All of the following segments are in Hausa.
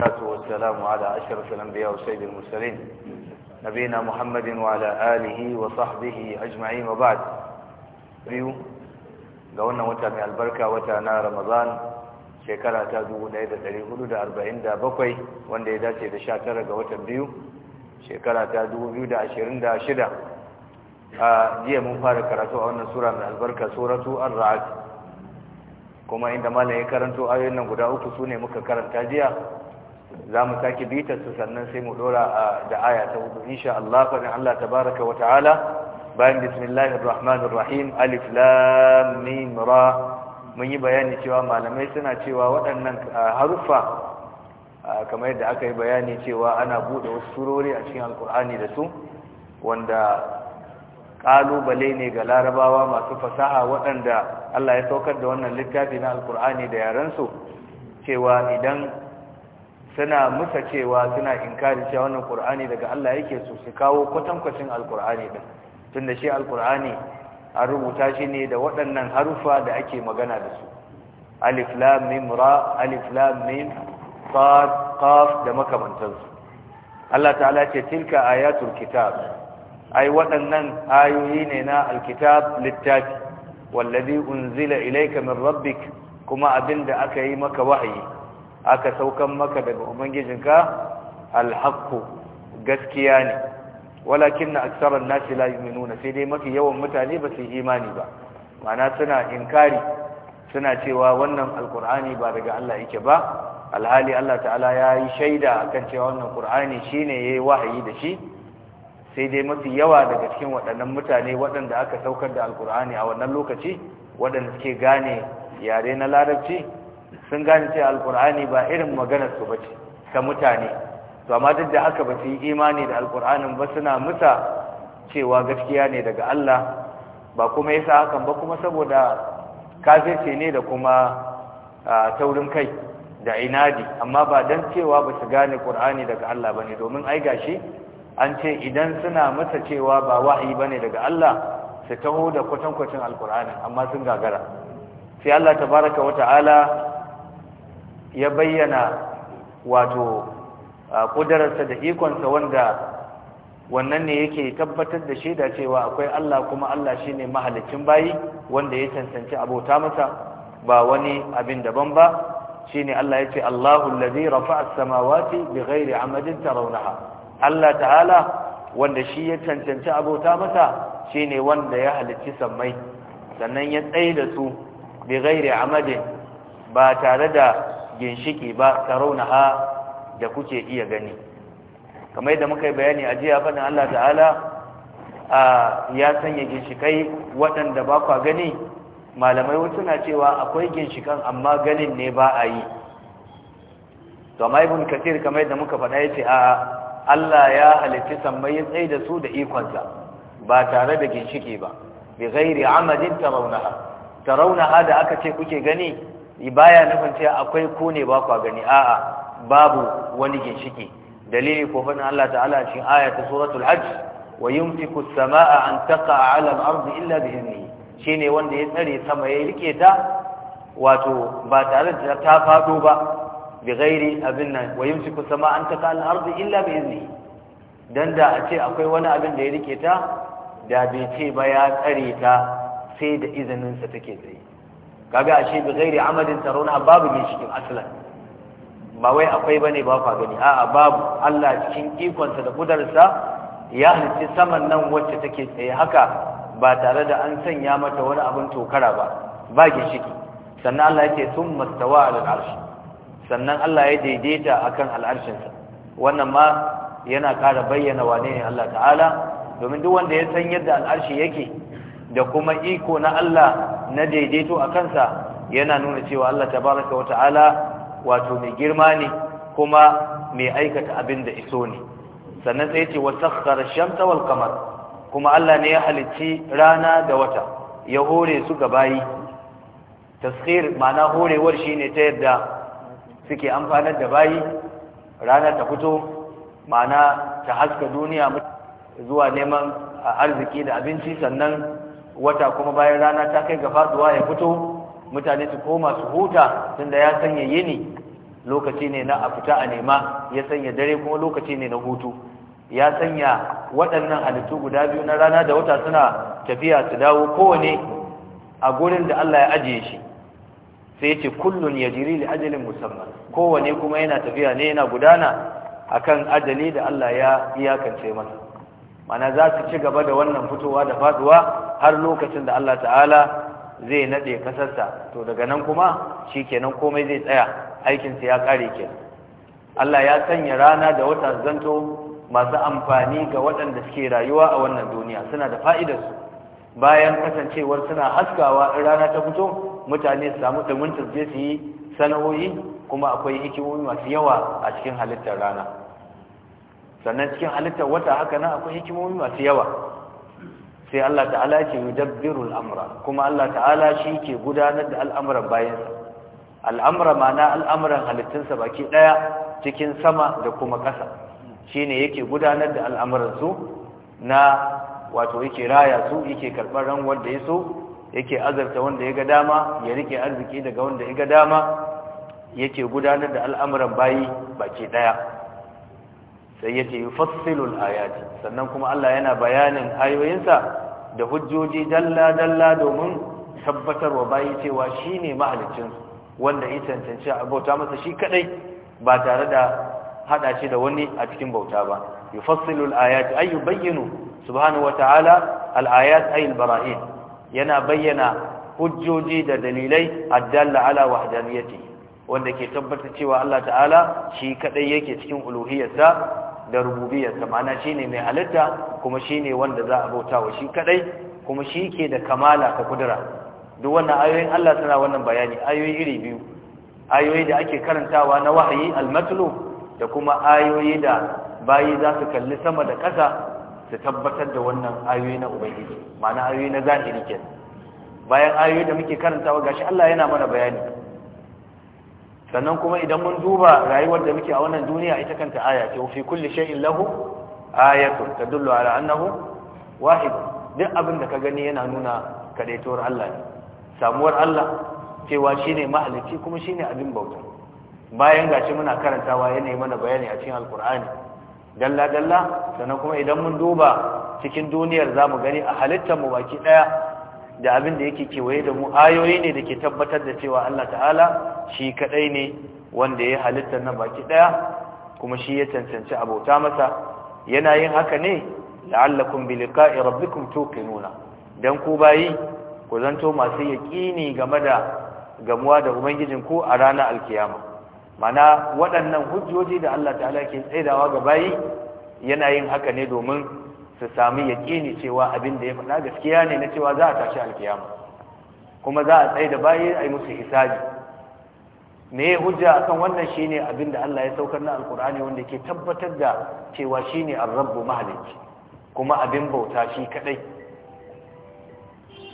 والصلاة والسلام على أشرف الأنبياء وسيد المرسلين نبينا محمد وعلى آله وصحبه أجمعين وبعد biyu ga wannan wata mai albarka wata na Ramadan shekara ta bakwai wanda ya dace da sha tara ga watan biyu shekara ta shida. a jiya mun fara karatu a wannan sura mai albarka suratu ar-ra'd kuma inda malam ya karanto ayoyin nan guda uku sune muka karanta jiya za mu sake bitar su sannan sai mu dora da aya ta hudu insha Allah fa Allah tabaraka wa ta'ala bayan bismillahir rahmanir rahim alif lam mim ra mun yi bayani cewa malamai suna cewa waɗannan haruffa kamar yadda aka yi bayani cewa ana bude wasu surori a cikin alkur'ani da su wanda kalubale ne ga larabawa masu fasaha waɗanda Allah ya saukar da wannan littafi na alkur'ani da yarensu cewa idan suna musa cewa suna inkari cewa wannan qur'ani daga Allah yake so su kawo kwatankwacin alqur'ani din tunda shi Alƙur'ani an rubuta shi ne da waɗannan harufa da ake magana da su alif lam mim ra alif lam mim sad qaf da makamantansu Allah ta'ala ce tilka ayatul kitab ai waɗannan ayoyi ne na alkitab littafi wallazi unzila ilayka min rabbik kuma abinda aka yi maka wahayi aka saukan maka daga ubangijinka alhaqqu gaskiya ne walakin aktsaran nasi la yu'minuna sai dai mafi yawan mutane ba su imani ba mana suna inkari suna cewa wannan alqur'ani ba daga Allah yake ba alhali Allah ta'ala ya yi shaida akan cewa wannan qur'ani shine yayi wahayi da shi sai dai mafi yawa daga cikin waɗannan mutane waɗanda aka saukar da alkur'ani a wannan lokaci waɗanda suke gane yare na larabci sun gane cewa alkur'ani ba irin maganar su bace ta mutane to amma duk da haka ba su yi imani da alkur'anin ba suna musa cewa gaskiya ne daga Allah ba kuma yasa hakan ba kuma saboda kafirce ne da kuma taurin kai da inadi amma ba dan cewa ba su gane qur'ani daga Allah bane domin ai gashi an ce idan suna masa cewa ba wahayi bane daga Allah su taho da kwatankwacin alkur'ani amma sun gagara sai Allah ta tabaraka wata'ala ya bayyana wato kudararsa da ikonsa wanda wannan ne yake tabbatar da shaida cewa akwai Allah kuma Allah ne mahalicin bayi wanda ya cancanci abota masa ba wani abin daban ba ne Allah yace Allahu allazi rafa a samawati bighairi 'amadin tarawnaha Allah ta'ala wanda shi ya cancanci abota masa ne wanda ya halicci sammai sannan ya tsaye da su bighairi 'amadin ba tare da ginshiki ba ha da kuke iya gani kamar yadda muka yi bayani a jiya faɗin Allah ta'ala ya sanya ginshikai waɗanda ba kwa gani malamai suna cewa akwai ginshikan amma ganin ne ba a yi to amma ibn kasir kamar yadda muka faɗa yace a Allah ya halitta sammai ya tsaye da su da ikonsa ba tare da ginshiki ba bi ghairi amadin tarawnaha tarawnaha da aka ce kuke gani baya nufin cewa akwai ko ne ba ku gani a'a babu wani ginshiki dalili ko fadin Allah ta'ala a cikin aya ta suratul hajj wa yumsiku as-samaa'a an taqa'a 'ala al-ardi illa bi idnihi shine wanda ya tsare sama ya rike ta wato ba tare da ta fado ba bi ghairi abin nan wa yumsiku as-samaa'a an taqa'a 'ala al-ardi illa bi idnihi dan da a ce akwai wani abin da ya rike ta da bai ce ba ya tsare ta sai da izinin izininsa take tsaye kaga ashe bi ghairi amadin tarawna babu ginshikin aslan ba wai akwai bane ba fa gani a'a babu Allah cikin ikonsa da kudarsa ya halitta saman nan wacce take tsaye haka ba tare da an sanya mata wani abin tokara ba ba ginshiki sannan Allah yake sun mastawa alal arshi sannan Allah ya daidaita akan sa wannan ma yana kara bayyana wane ne Allah ta'ala domin duk wanda ya san yadda al'arshi yake da kuma iko na Allah na daidaito a kansa yana nuna cewa Allah tabaraka wa ta'ala wato mai girma ne kuma mai aikata abin da iso ne sannan sai ce wa sakhkhara shamsa wal qamar kuma Allah ne ya halicci rana da wata ya hore su ga bayi Tashir ma'ana horewar shine ta yadda suke amfanar da bayi rana ta fito ma'ana ta haska duniya zuwa neman arziki da abinci sannan wata kuma bayan rana ta kai ga faduwa ya fito mutane su koma su huta tunda ya sanya yini lokaci ne na a fita a nema ya sanya dare kuma lokaci ne na hutu ya sanya waɗannan halittu guda biyu na rana da wata suna tafiya su dawo kowane a gurin da Allah ya ajiye shi sai ce kullun ya jiri da ajalin musamman kowane kuma yana tafiya ne yana gudana akan ajali da Allah ya iyakance masa mana za su ci gaba da wannan fitowa da faduwa har lokacin da Allah ta'ala zai nade kasarsa to daga nan kuma shikenan komai zai tsaya aikinsa ya kare kenan Allah ya sanya rana da wata zanto masu amfani ga waɗanda suke rayuwa a wannan duniya suna da fa'idarsu bayan kasancewar suna haskawa in rana ta fito mutane su samu ɗumin tasbe su yi sana'o'i kuma akwai hikimomi masu yawa a cikin halittar rana sannan cikin halittar wata haka nan akwai hikimomi masu yawa sai Allah ta'ala ke yudabbiru al'amra kuma Allah ta'ala shi ke gudanar da al'amuran bayansa al'amura ma'ana al'amuran halittunsa baki ɗaya cikin sama da kuma ƙasa shine yake gudanar da al'amuran su na wato yake raya su yake karɓar ran wanda ya so yake azarta wanda ya ga dama ya rike arziki daga wanda ya ga dama yake gudanar da al'amuran bayi baki ɗaya sai yace yufassilul ayat sannan kuma Allah yana bayanin ayoyinsa da hujjoji dalla dalla domin tabbatarwa bayi cewa shine mahalicin wanda ya cancanci a bauta masa shi kadai ba tare da hada shi da wani a cikin bauta ba yufassilul ayat ay yubayyinu subhanahu wata'ala al ayat ay al bara'in yana bayyana hujjoji da dalilai addalla ala wahdaniyati wanda ke tabbata cewa Allah ta'ala shi kadai yake cikin uluhiyarsa da rububiyarsa ma'ana shine mai halitta kuma shine wanda za a bauta wa shi kadai kuma shi ke da kamala ka kudura duk wannan ayoyin Allah suna wannan bayani ayoyi iri biyu ayoyi da ake karantawa na wahayi almatlu da kuma ayoyi da bayi za su kalli sama da ƙasa su tabbatar da wannan ayoyi na ubangiji ma'ana ayoyi na zahiri kenan bayan ayoyi da muke karantawa gashi Allah yana mana bayani sannan kuma idan mun duba rayuwar da muke a wannan duniya ita kanta aya ce fi kulli shay'in lahu ayatu tadullu ala annahu wahid duk abin da ka gani yana nuna kadaitowar Allah ne samuwar Allah cewa shine mahalicci kuma shine abin bauta bayan gashi muna karantawa ne mana bayani a cikin alkur'ani dalla dalla sannan kuma idan mun duba cikin duniyar zamu gani a halittar mu baki daya da abin da yake kewaye da mu ayoyi ne da ke tabbatar da cewa Allah ta'ala shi kadai ne wanda ya halitta na baki daya kuma shi ya cancanci abota masa yana yin haka ne la'allakum bi liqa'i rabbikum tuqinuna dan ku bayi ku zanto masu yaqini game da gamuwa da ubangijin ku a ranar alkiyama mana waɗannan hujjoji da Allah ta'ala ke tsaidawa ga bayi yana yin haka ne domin su sami yaƙini cewa abin da ya faɗa gaskiya ne na cewa za a tashi alkiyama kuma za a tsaye da bayi a yi musu hisabi me ya hujja kan wannan shine abin da Allah ya saukar na alkur'ani wanda ke tabbatar da cewa shine ar-rabbu kuma abin bauta shi kadai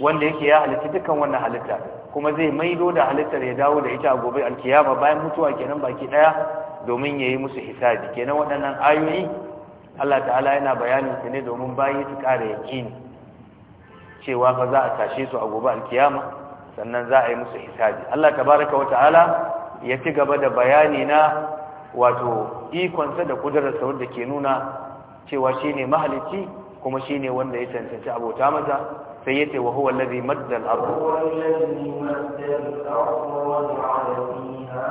wanda yake ya halitta dukan wannan halitta kuma zai maido da halittar ya dawo da ita a gobe alkiyama bayan mutuwa kenan baki ɗaya domin ya yi musu hisabi kenan waɗannan ayoyi Allah ta'ala yana bayanin sa ne domin bayi su ƙara yaƙini cewa fa za a tashe su a gobe alkiyama sannan za a yi musu hisabi Allah tabaraka wata'ala ya ci gaba da bayani na wato ikonsa da kudararsa wanda ke nuna cewa shine mahalicci kuma shine wanda ya cancanci abota maza sai yace wa huwa allazi madda al-ardh wa allazi madda al-ardh wa ja'ala fiha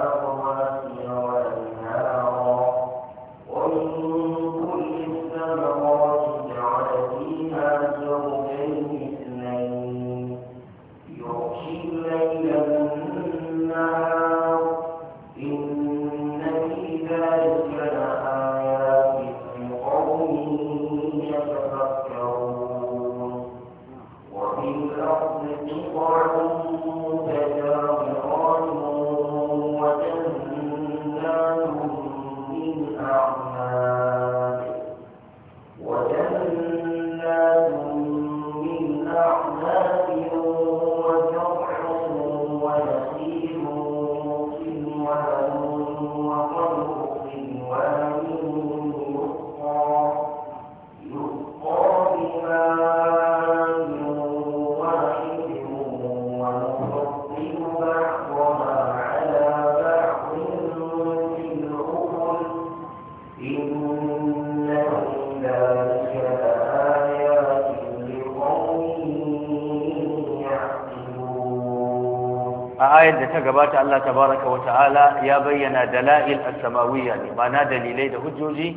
ayar da ta gabata Allah baraka wa ta'ala ya bayyana dalail as-samawiyya ne ma'ana dalilai da hujjoji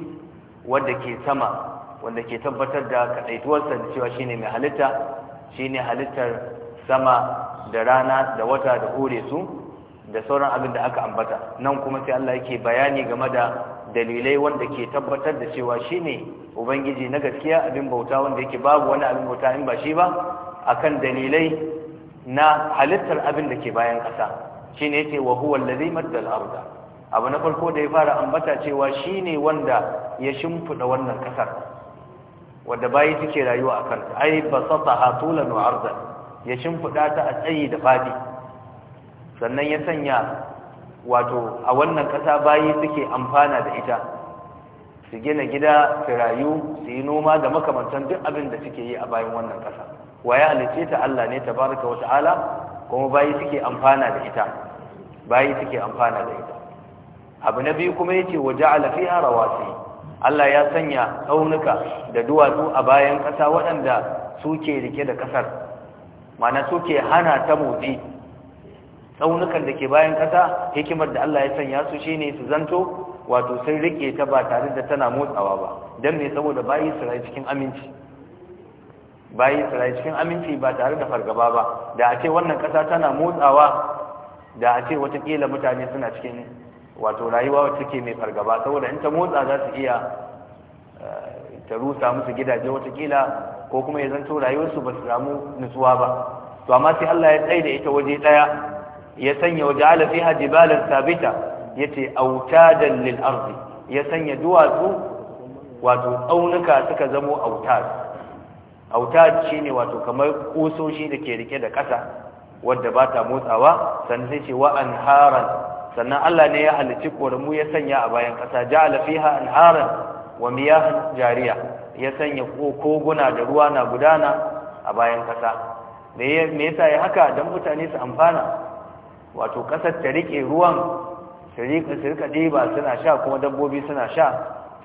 wanda ke sama wanda ke tabbatar da kadaituwar da cewa shine mai halitta shine halittar sama da rana da wata da hore su da sauran abin da aka ambata nan kuma sai Allah yake bayani game da dalilai wanda ke tabbatar da cewa shine ubangiji na gaskiya abin bauta wanda yake babu wani abin bauta in ba shi ba akan dalilai na halittar abin da ke bayan ƙasa shine yake wa da zai maddal arda abu na farko da ya fara ambata cewa shine wanda ya shimfida wannan kasar wanda bayi suke rayuwa a kanta ai basataha tulan wa arda ya shimfiɗa ta a tsayi da fadi sannan ya sanya wato a wannan ƙasa bayi suke amfana da ita su gina gida su rayu su yi noma da makamantan duk abin da suke yi a bayan wannan ƙasa wa ya halice ta Allah ne tabaraka wa ta'ala kuma bayi suke amfana da ita bayi suke amfana da ita abu na biyu kuma yace wa ja'ala fiha rawasi Allah ya sanya tsaunuka da duwatsu a bayan ƙasa waɗanda suke rike da ƙasar mana suke hana ta motsi tsaunukan da ke bayan ƙasa hikimar da Allah ya sanya su shine su zanto wato sun rike ta ba tare da tana motsawa ba dan me saboda bayi su rayu cikin aminci bayi tsirai cikin aminci ba tare da fargaba ba da a ce wannan kasa tana motsawa da a ce watakila mutane suna cikin wato rayuwa wacce ke mai fargaba saboda in ta motsa za su iya eh, ta rusa musu gidaje watakila ko kuma ya zanto rayuwarsu ba su samu nutsuwa ba to amma sai Allah ya tsaye da ita waje daya ya sanya waje ala fiha jibalan sabita yace autadan lil ardi ya sanya duwatsu wato tsaunuka suka zamo autar auta shine wato kamar kusoshi da ke rike da kasa wadda ba ta motsawa sannan sai ce wa anharan sannan Allah ne ya halicci koramu ya sanya a bayan ƙasa ja'ala fiha anharan wa miyah jariya ya sanya koguna da ruwa na gudana a bayan ƙasa me yasa ya haka dan mutane su amfana wato ƙasar ta rike ruwan su rika ɗiba suna sha kuma dabbobi suna sha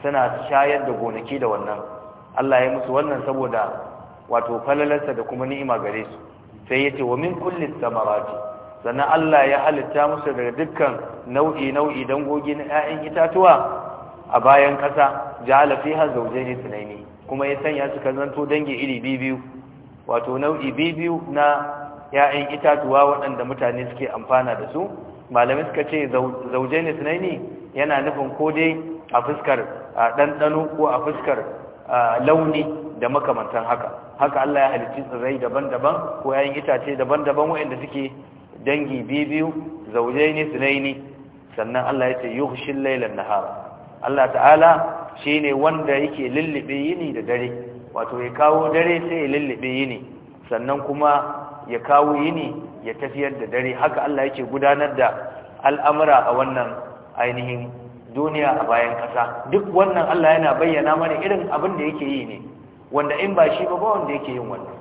suna shayar da gonaki da wannan Allah ya musu wannan saboda wato falalarsa da kuma ni'ima gare su sai ya ce wa min kulli samarati sannan Allah ya halitta musu daga dukkan nau'i nau'i dan gogi na 'ya'yan itatuwa a bayan ƙasa ja'ala fiha zawjayn ithnayn kuma ya sanya su zanto dangi iri biyu wato nau'i biyu na 'ya'yan itatuwa waɗanda mutane suke amfana da su malamai suka ce zawjayn ithnayn yana nufin ko dai a fuskar ɗanɗano ko a fuskar launi da makamantan haka haka Allah ya halicci tsirrai daban-daban ko yayin itace daban-daban waɗanda suke dangi biyu zaujaini sunaini sannan Allah ya ce yughshil laylan nahara Allah ta'ala shine wanda yake lullube yini da dare wato ya kawo dare sai ya lullube yini sannan kuma ya kawo yini ya tafiyar da dare haka Allah yake gudanar da al'amura a wannan ainihin duniya a bayan ƙasa duk wannan Allah yana bayyana mana irin abin da yake yi ne wanda in ba shi ba ba wanda yake yin wannan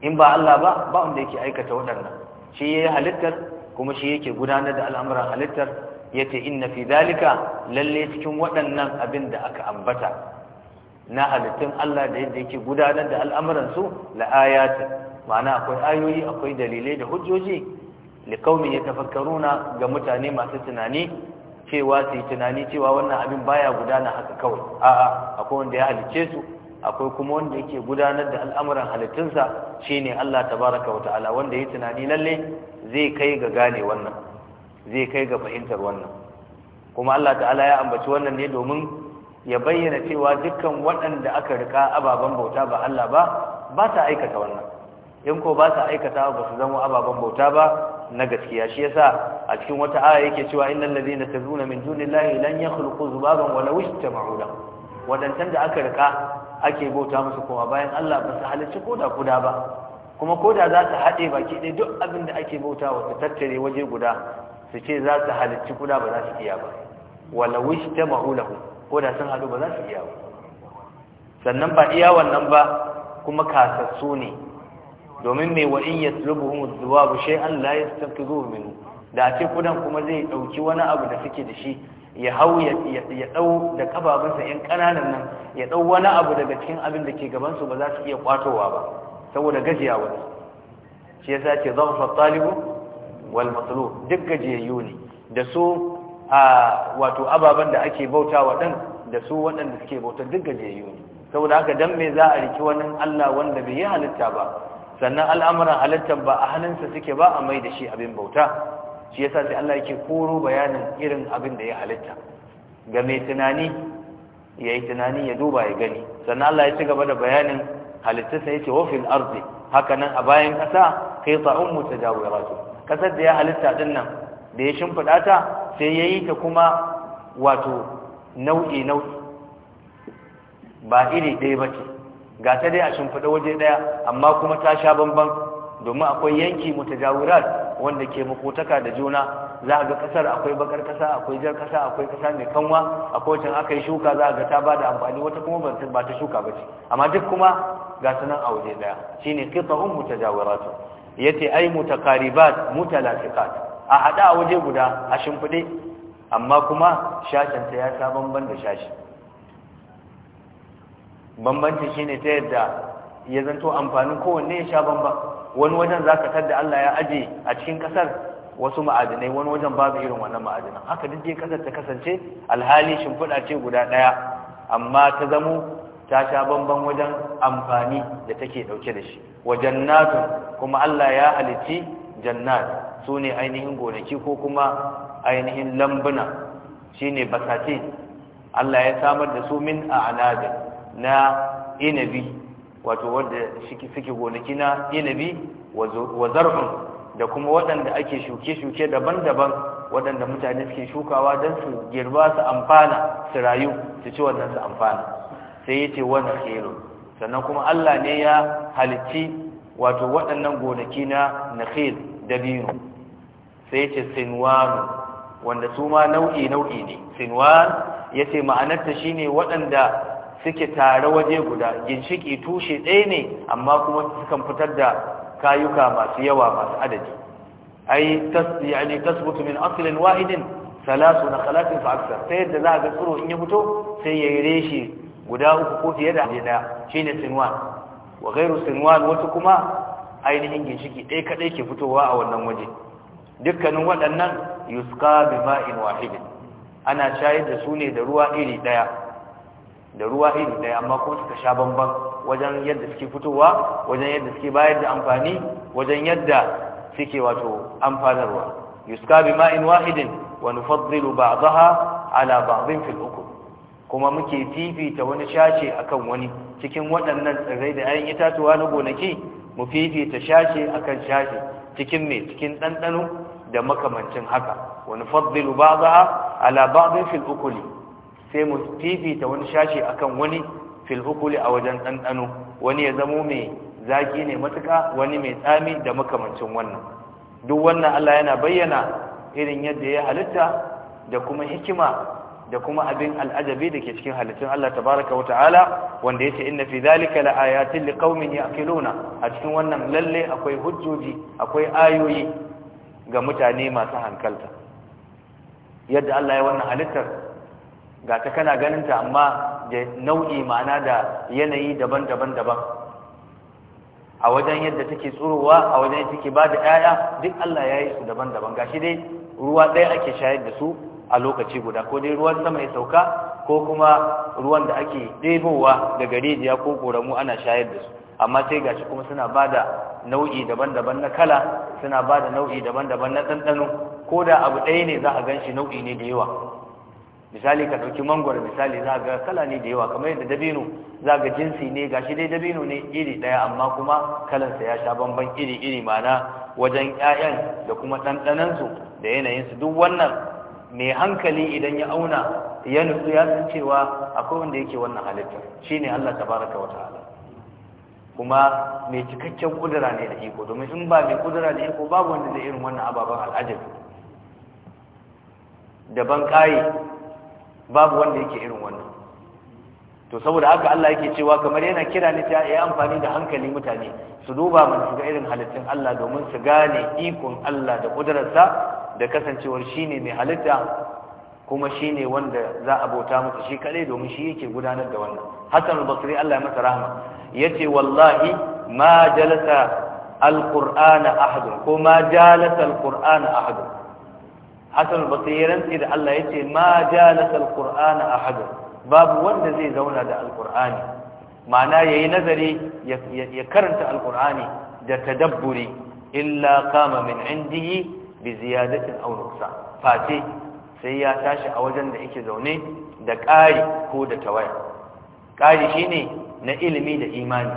in ba Allah ba ba wanda yake aikata waɗannan shi yayi halittar kuma shi yake gudanar da al'amuran halittar yace inna fi zalika lalle cikin waɗannan abin da aka ambata na halittun Allah da yadda yake gudanar da al'amuran su la ayati ma'ana akwai ayoyi akwai dalilai da hujjoji likaumin ya tafakkaruna ga mutane masu tunani cewa su yi tunani cewa wannan abin baya gudana haka kawai a'a akwai wanda ya halicce su akwai kuma wanda yake gudanar da al'amuran halittunsa ne Allah tabaraka wa ta'ala wanda ya tunani lalle zai kai ga gane wannan zai kai ga fahimtar wannan kuma Allah ta'ala ya ambaci wannan ne domin ya bayyana cewa dukkan waɗanda aka rika ababen bauta ba Allah ba ba ta aikata wannan in ko ba ta aikata ba su zama ababen bauta ba na gaskiya shi yasa a cikin wata aya yake cewa innal ladina tazuna min dunillahi lan yakhluqu zubaban wa law istama'u wadantan da aka rika ake bauta masu kowa bayan Allah ba su halarci koda guda ba kuma koda za su haɗe baki ɗaya duk abin da ake bauta wa tattare waje guda su ce za su halarci guda ba za su iya ba wala wish ta mahulahu koda sun haɗu ba za su iya ba sannan ba iya wannan ba kuma kasassu ne domin mai ya wa in yatlubuhum dhuwabu shay'an la yastanqidhuhu minhu da a ce kudan kuma zai ɗauki wani abu da suke da shi ya hau ya ɗau da kababinsa 'yan ƙananan nan ya ɗau wani abu daga cikin abin da ke gabansu ba za su iya ƙwatowa ba saboda gajiya wani shi yasa ce zarfa talibu wal matlub duk gajiyayyu ne da su a wato ababen da ake wa ɗin da su waɗanda suke bauta duk gajiyayyu ne saboda haka dan me za a riki wani Allah wanda bai yi halitta ba sannan al'amuran halittar ba a hannunsa suke ba a mai da shi abin bauta shi yasa sai Allah yake koro bayanin irin abin da ya halitta ga mai tunani ya yi tunani ya duba ya gani sannan Allah ya ci gaba da bayanin halittarsa ya ce wafin arzi haka nan a bayan ƙasa kai tsa'un mu tajawiratu ƙasar da ya halitta ɗin nan da ya shimfiɗa ta sai ya yi ta kuma wato nau'i nau'i ba iri ɗaya ba ce ga ta dai a shimfiɗa waje ɗaya amma kuma ta sha bambam. domin akwai yanki mutajawurat wanda ke makotaka da juna za a ga kasar akwai bakar kasa akwai jar kasa akwai kasa mai kanwa akwai can aka yi shuka za a ga ta ba da amfani wata kuma ba ta shuka ba ce amma duk kuma ga sunan a waje daya shine qita'un Ya ce, ai mutaqaribat mutalafiqat a hada a waje guda a shimfiɗe amma kuma shashanta ya sa bamban da shashi bambanci shine ta yadda ya zanto amfanin kowanne ya sha bamban wani wajen za ka tadda Allah ya aje a cikin ƙasar wasu ma'adinai wani wajen babu irin wannan ma'adinan haka duk dai kasar ta kasance alhali shimfiɗa ce guda ɗaya amma ta zamo ta sha bamban wajen amfani da take ɗauke da shi wa jannatu kuma Allah ya halitti jannat sune ainihin gonaki ko kuma ainihin lambuna shine basati Allah ya samar da su min a'nabin na inabi wato wanda suke gonaki na inabi wa zar'un da kuma waɗanda ake shuke-shuke daban-daban waɗanda mutane suke shukawa don su girba su amfana su rayu su ci wannan su amfana sai ya ce wani khairu sannan kuma Allah ne ya halicci wato waɗannan gonaki na nakhil dabino sai ya ce sinwan wanda su ma nau'i nau'i ne sinwan ya ce ma'anarta shine waɗanda suke tare waje guda ginshiki tushe ɗaya ne amma kuma sukan fitar da kayuka masu yawa masu adadi ai yani tasbutu min aslin wahidin salasu na khalatin fa aksar sai da za a ga tsiro in ya fito sai ya yi reshe guda uku ko fiye da ɗaya shine sinwan wa ghairu sinwan wasu kuma ainihin ginshiki ɗaya kaɗai ke fitowa a wannan waje dukkanin waɗannan yuska bi ma'in wahidin ana shayar da su ne da ruwa iri ɗaya da ruwa iri ɗaya amma kuma suka sha bamban wajen yadda suke fitowa wajen yadda suke bayar da amfani wajen yadda suke wato amfanarwa yuska bi ma'in wahidin wa nufaddilu ba'daha ala ba'dhin fil ukul kuma muke fifita wani shashe akan wani cikin waɗannan tsirrai da ayin itatuwa na gonaki mu fifita shashe akan shashe cikin mai cikin ɗanɗano da makamancin haka wani faddilu ba'daha ala ba'dhin fil ukuli sai mu ta wani shashi akan wani fil hukuli a wajen ɗanɗano wani ya zamo mai zaki ne matuka wani mai tsami da makamancin wannan duk wannan Allah yana bayyana irin yadda ya halitta da kuma hikima da kuma abin al'ajabi da ke cikin halittun Allah tabaraka wa ta'ala wanda ce inna fi zalika li qaumin yaqiluna a cikin wannan lalle akwai hujjoji akwai ayoyi ga mutane masu hankalta yadda Allah ya wannan halittar ga ta kana ganinta amma da nau'i ma'ana da yanayi daban-daban daban a wajen yadda take tsurowa a wajen yadda take ba da 'ya'ya duk Allah ya yi su daban-daban gashi dai ruwa ɗaya ake shayar da su a lokaci guda ko dai ruwan sama ya sauka ko kuma ruwan da ake ɗebowa daga rijiya ko ƙoramu ana shayar da su amma sai gashi kuma suna ba da nau'i daban-daban na kala suna ba da nau'i daban-daban na ɗanɗano ko da abu ɗaya ne za a gan shi nau'i ne da yawa misali ka ɗauki mangwaro misali za ga kala ne da yawa kamar yadda dabino za ga jinsi ne gashi dai dabino ne iri daya amma kuma kalansa ya sha bamban iri iri mana wajen 'ya'yan da kuma ɗanɗanansu da yanayin su duk wannan me hankali idan ya auna ya nutsu ya san cewa akwai wanda yake wannan halittar shine Allah tabaraka wataala kuma mai cikakken kudura ne da iko domin in ba mai kudura da iko babu wanda zai irin wannan ababen al'ajabi daban ƙayi babu wanda yake irin wannan to saboda haka Allah yake cewa kamar yana kira ni ta yi amfani da hankali mutane su duba mun su irin halittun Allah domin su gane ikon Allah da kudurarsa da kasancewar shine mai halitta kuma shine wanda za a bauta masa shi kadai domin shi yake gudanar da wannan Hassan al-Basri Allah ya masa rahama yace wallahi ma jalasa al-Qur'ana ahad ko ma jalasa al-Qur'ana ahad hasan basri ya rantsi da Allah yace ma jalasa alqur'ana ahad babu wanda zai zauna da alqur'ani ma'ana yayi nazari ya karanta alqur'ani da tadabburi illa kama min indihi bi ziyadatin aw nuqsan fati sai ya tashi a wajen da yake zaune da ƙari ko da tawaya ƙari shine na ilimi da imani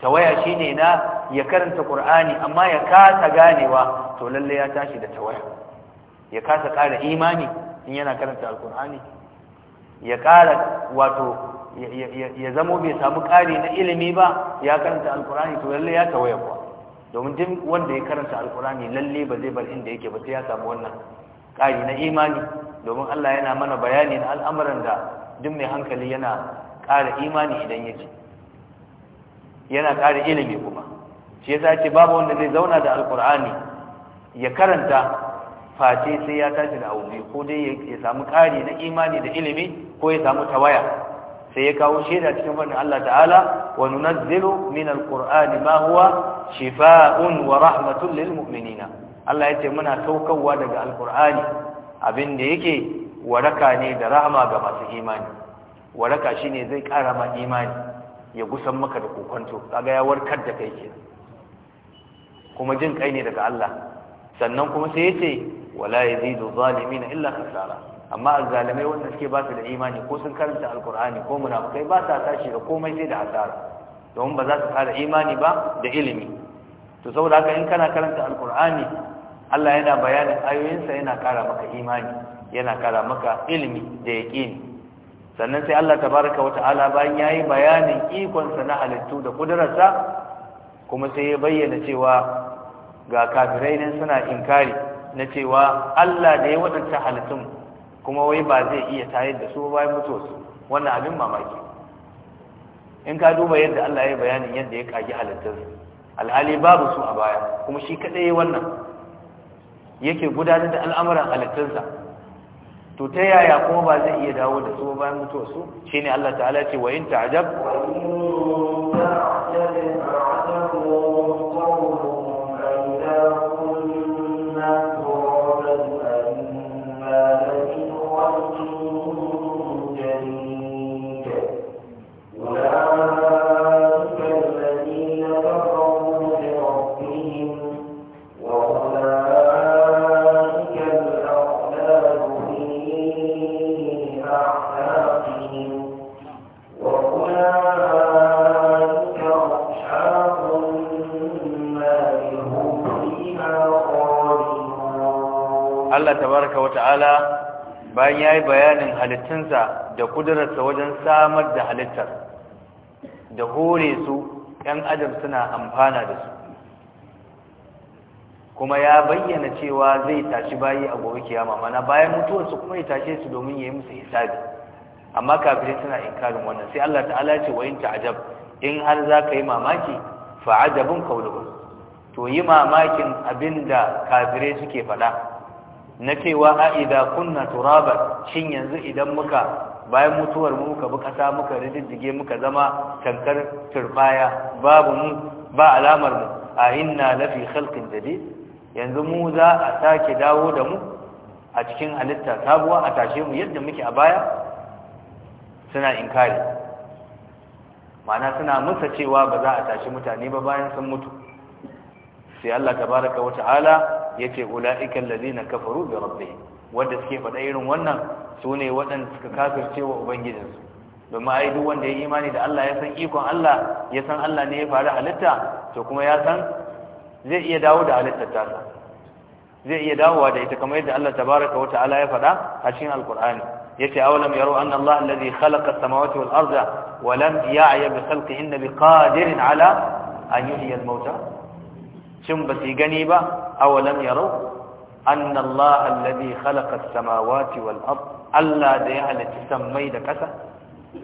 tawaya shine na ya karanta qur'ani amma ya kasa ganewa to lalle ya tashi da tawaya ya kasa ƙara imani in yana karanta alƙur'ani ya ƙara wato ya zamo bai samu ƙari na ilimi ba ya karanta alkur'ani to lallai ya tawaya kuwa domin duk wanda ya karanta alƙur'ani lalle ba zai bar inda yake ba sai ya samu wannan ƙari na imani domin Allah yana mana bayani na al'amuran da duk mai hankali yana ƙara imani idan ya ci yana ƙara ilimi kuma shi yasa ce babu wanda zai zauna da alkur'ani ya karanta fati sai ya tashi da abu biyu ko dai ya samu ƙari na imani da ilimi ko ya samu tawaya sai ya kawo shaida cikin fannin Allah ta'ala wa nunazzilu min alqur'ani ma huwa shifaa'un wa rahmatun lil mu'minina Allah ya ce muna saukarwa daga alqur'ani abin da yake waraka ne da rahama ga masu imani waraka shine zai ƙara ma imani ya gusan maka da kokonto kaga ya warkar da kai kuma jin kai ne daga Allah sannan kuma sai yace wala yazidu zalimin illa kasara. amma azzalimai wanda suke ba su da imani ko sun karanta alkur'ani ko munafikai ba sa tashi da komai sai da hasara domin ba za su kara imani ba da ilimi to saboda haka in kana karanta alkur'ani Allah yana bayanin ayoyinsa yana kara maka imani yana kara maka ilimi da yaqini sannan sai Allah wata wata'ala bayan yayi bayanin ikon sa na halittu da kudurarsa kuma sai ya bayyana cewa ga kafirai nan suna inkari na cewa Allah da ya waɗanta halittun kuma wai ba zai iya tayar da su bayan mutuwarsu wannan abin mamaki in ka duba yadda Allah ya yi bayanin yadda ya kagi halittun alhali babu su a baya kuma shi kaɗai wannan yake gudanar da al'amuran halittunsa to ta yaya kuma ba zai iya dawo da su bayan shi ne Allah ta'ala ce wa in ta'ajab ya yi bayanin halittunsa da kudurarsa wajen samar da halittar da hore su ‘yan adam suna amfana da su kuma ya bayyana cewa zai tashi bayi a gobe kiyama mana bayan mutuwarsu kuma ya tashe su domin ya yi musu hisabi amma kafirai suna inkarin wannan sai Allah ta'ala ce wa yin ta'ajab in har za ka yi mamaki fa'ajabin kauluhu to yi mamakin abinda kafirai suke faɗa na cewa a idza kunna turaba shin yanzu idan muka bayan mutuwar mu muka buka ta muka rididdige muka zama tankar turbaya babu mu ba alamar mu a inna lafi khalqin jadid yanzu mu za a sake dawo da mu a cikin halitta sabuwa a tashe mu yadda muke a baya suna inkari ma'ana suna musa cewa ba za a tashi mutane ba bayan sun mutu sai Allah tabaraka wa ta'ala yace ulaiikal ladina kafaru bi rabbihim wanda suke faɗa irin wannan sune waɗanda suka kafirce wa ubangijinsu domin ai duk wanda ya imani da Allah ya san ikon Allah ya san Allah ne ya faru halitta to kuma ya san zai iya dawo da halittar tasa zai iya dawowa da ita kamar yadda Allah tabaraka wa ta'ala ya faɗa a cikin alqur'ani yace awalam yaro anna Allah alladhi khalaqa as-samawati wal arda wa lam ya'ya bi khalqihinna biqadirin ala an yuhyiya al-mauta shin ba su gani ba awalam yarau anna Allah alladhi khalaqa as-samawati wal ard Allah da ya halitta sammai da ƙasa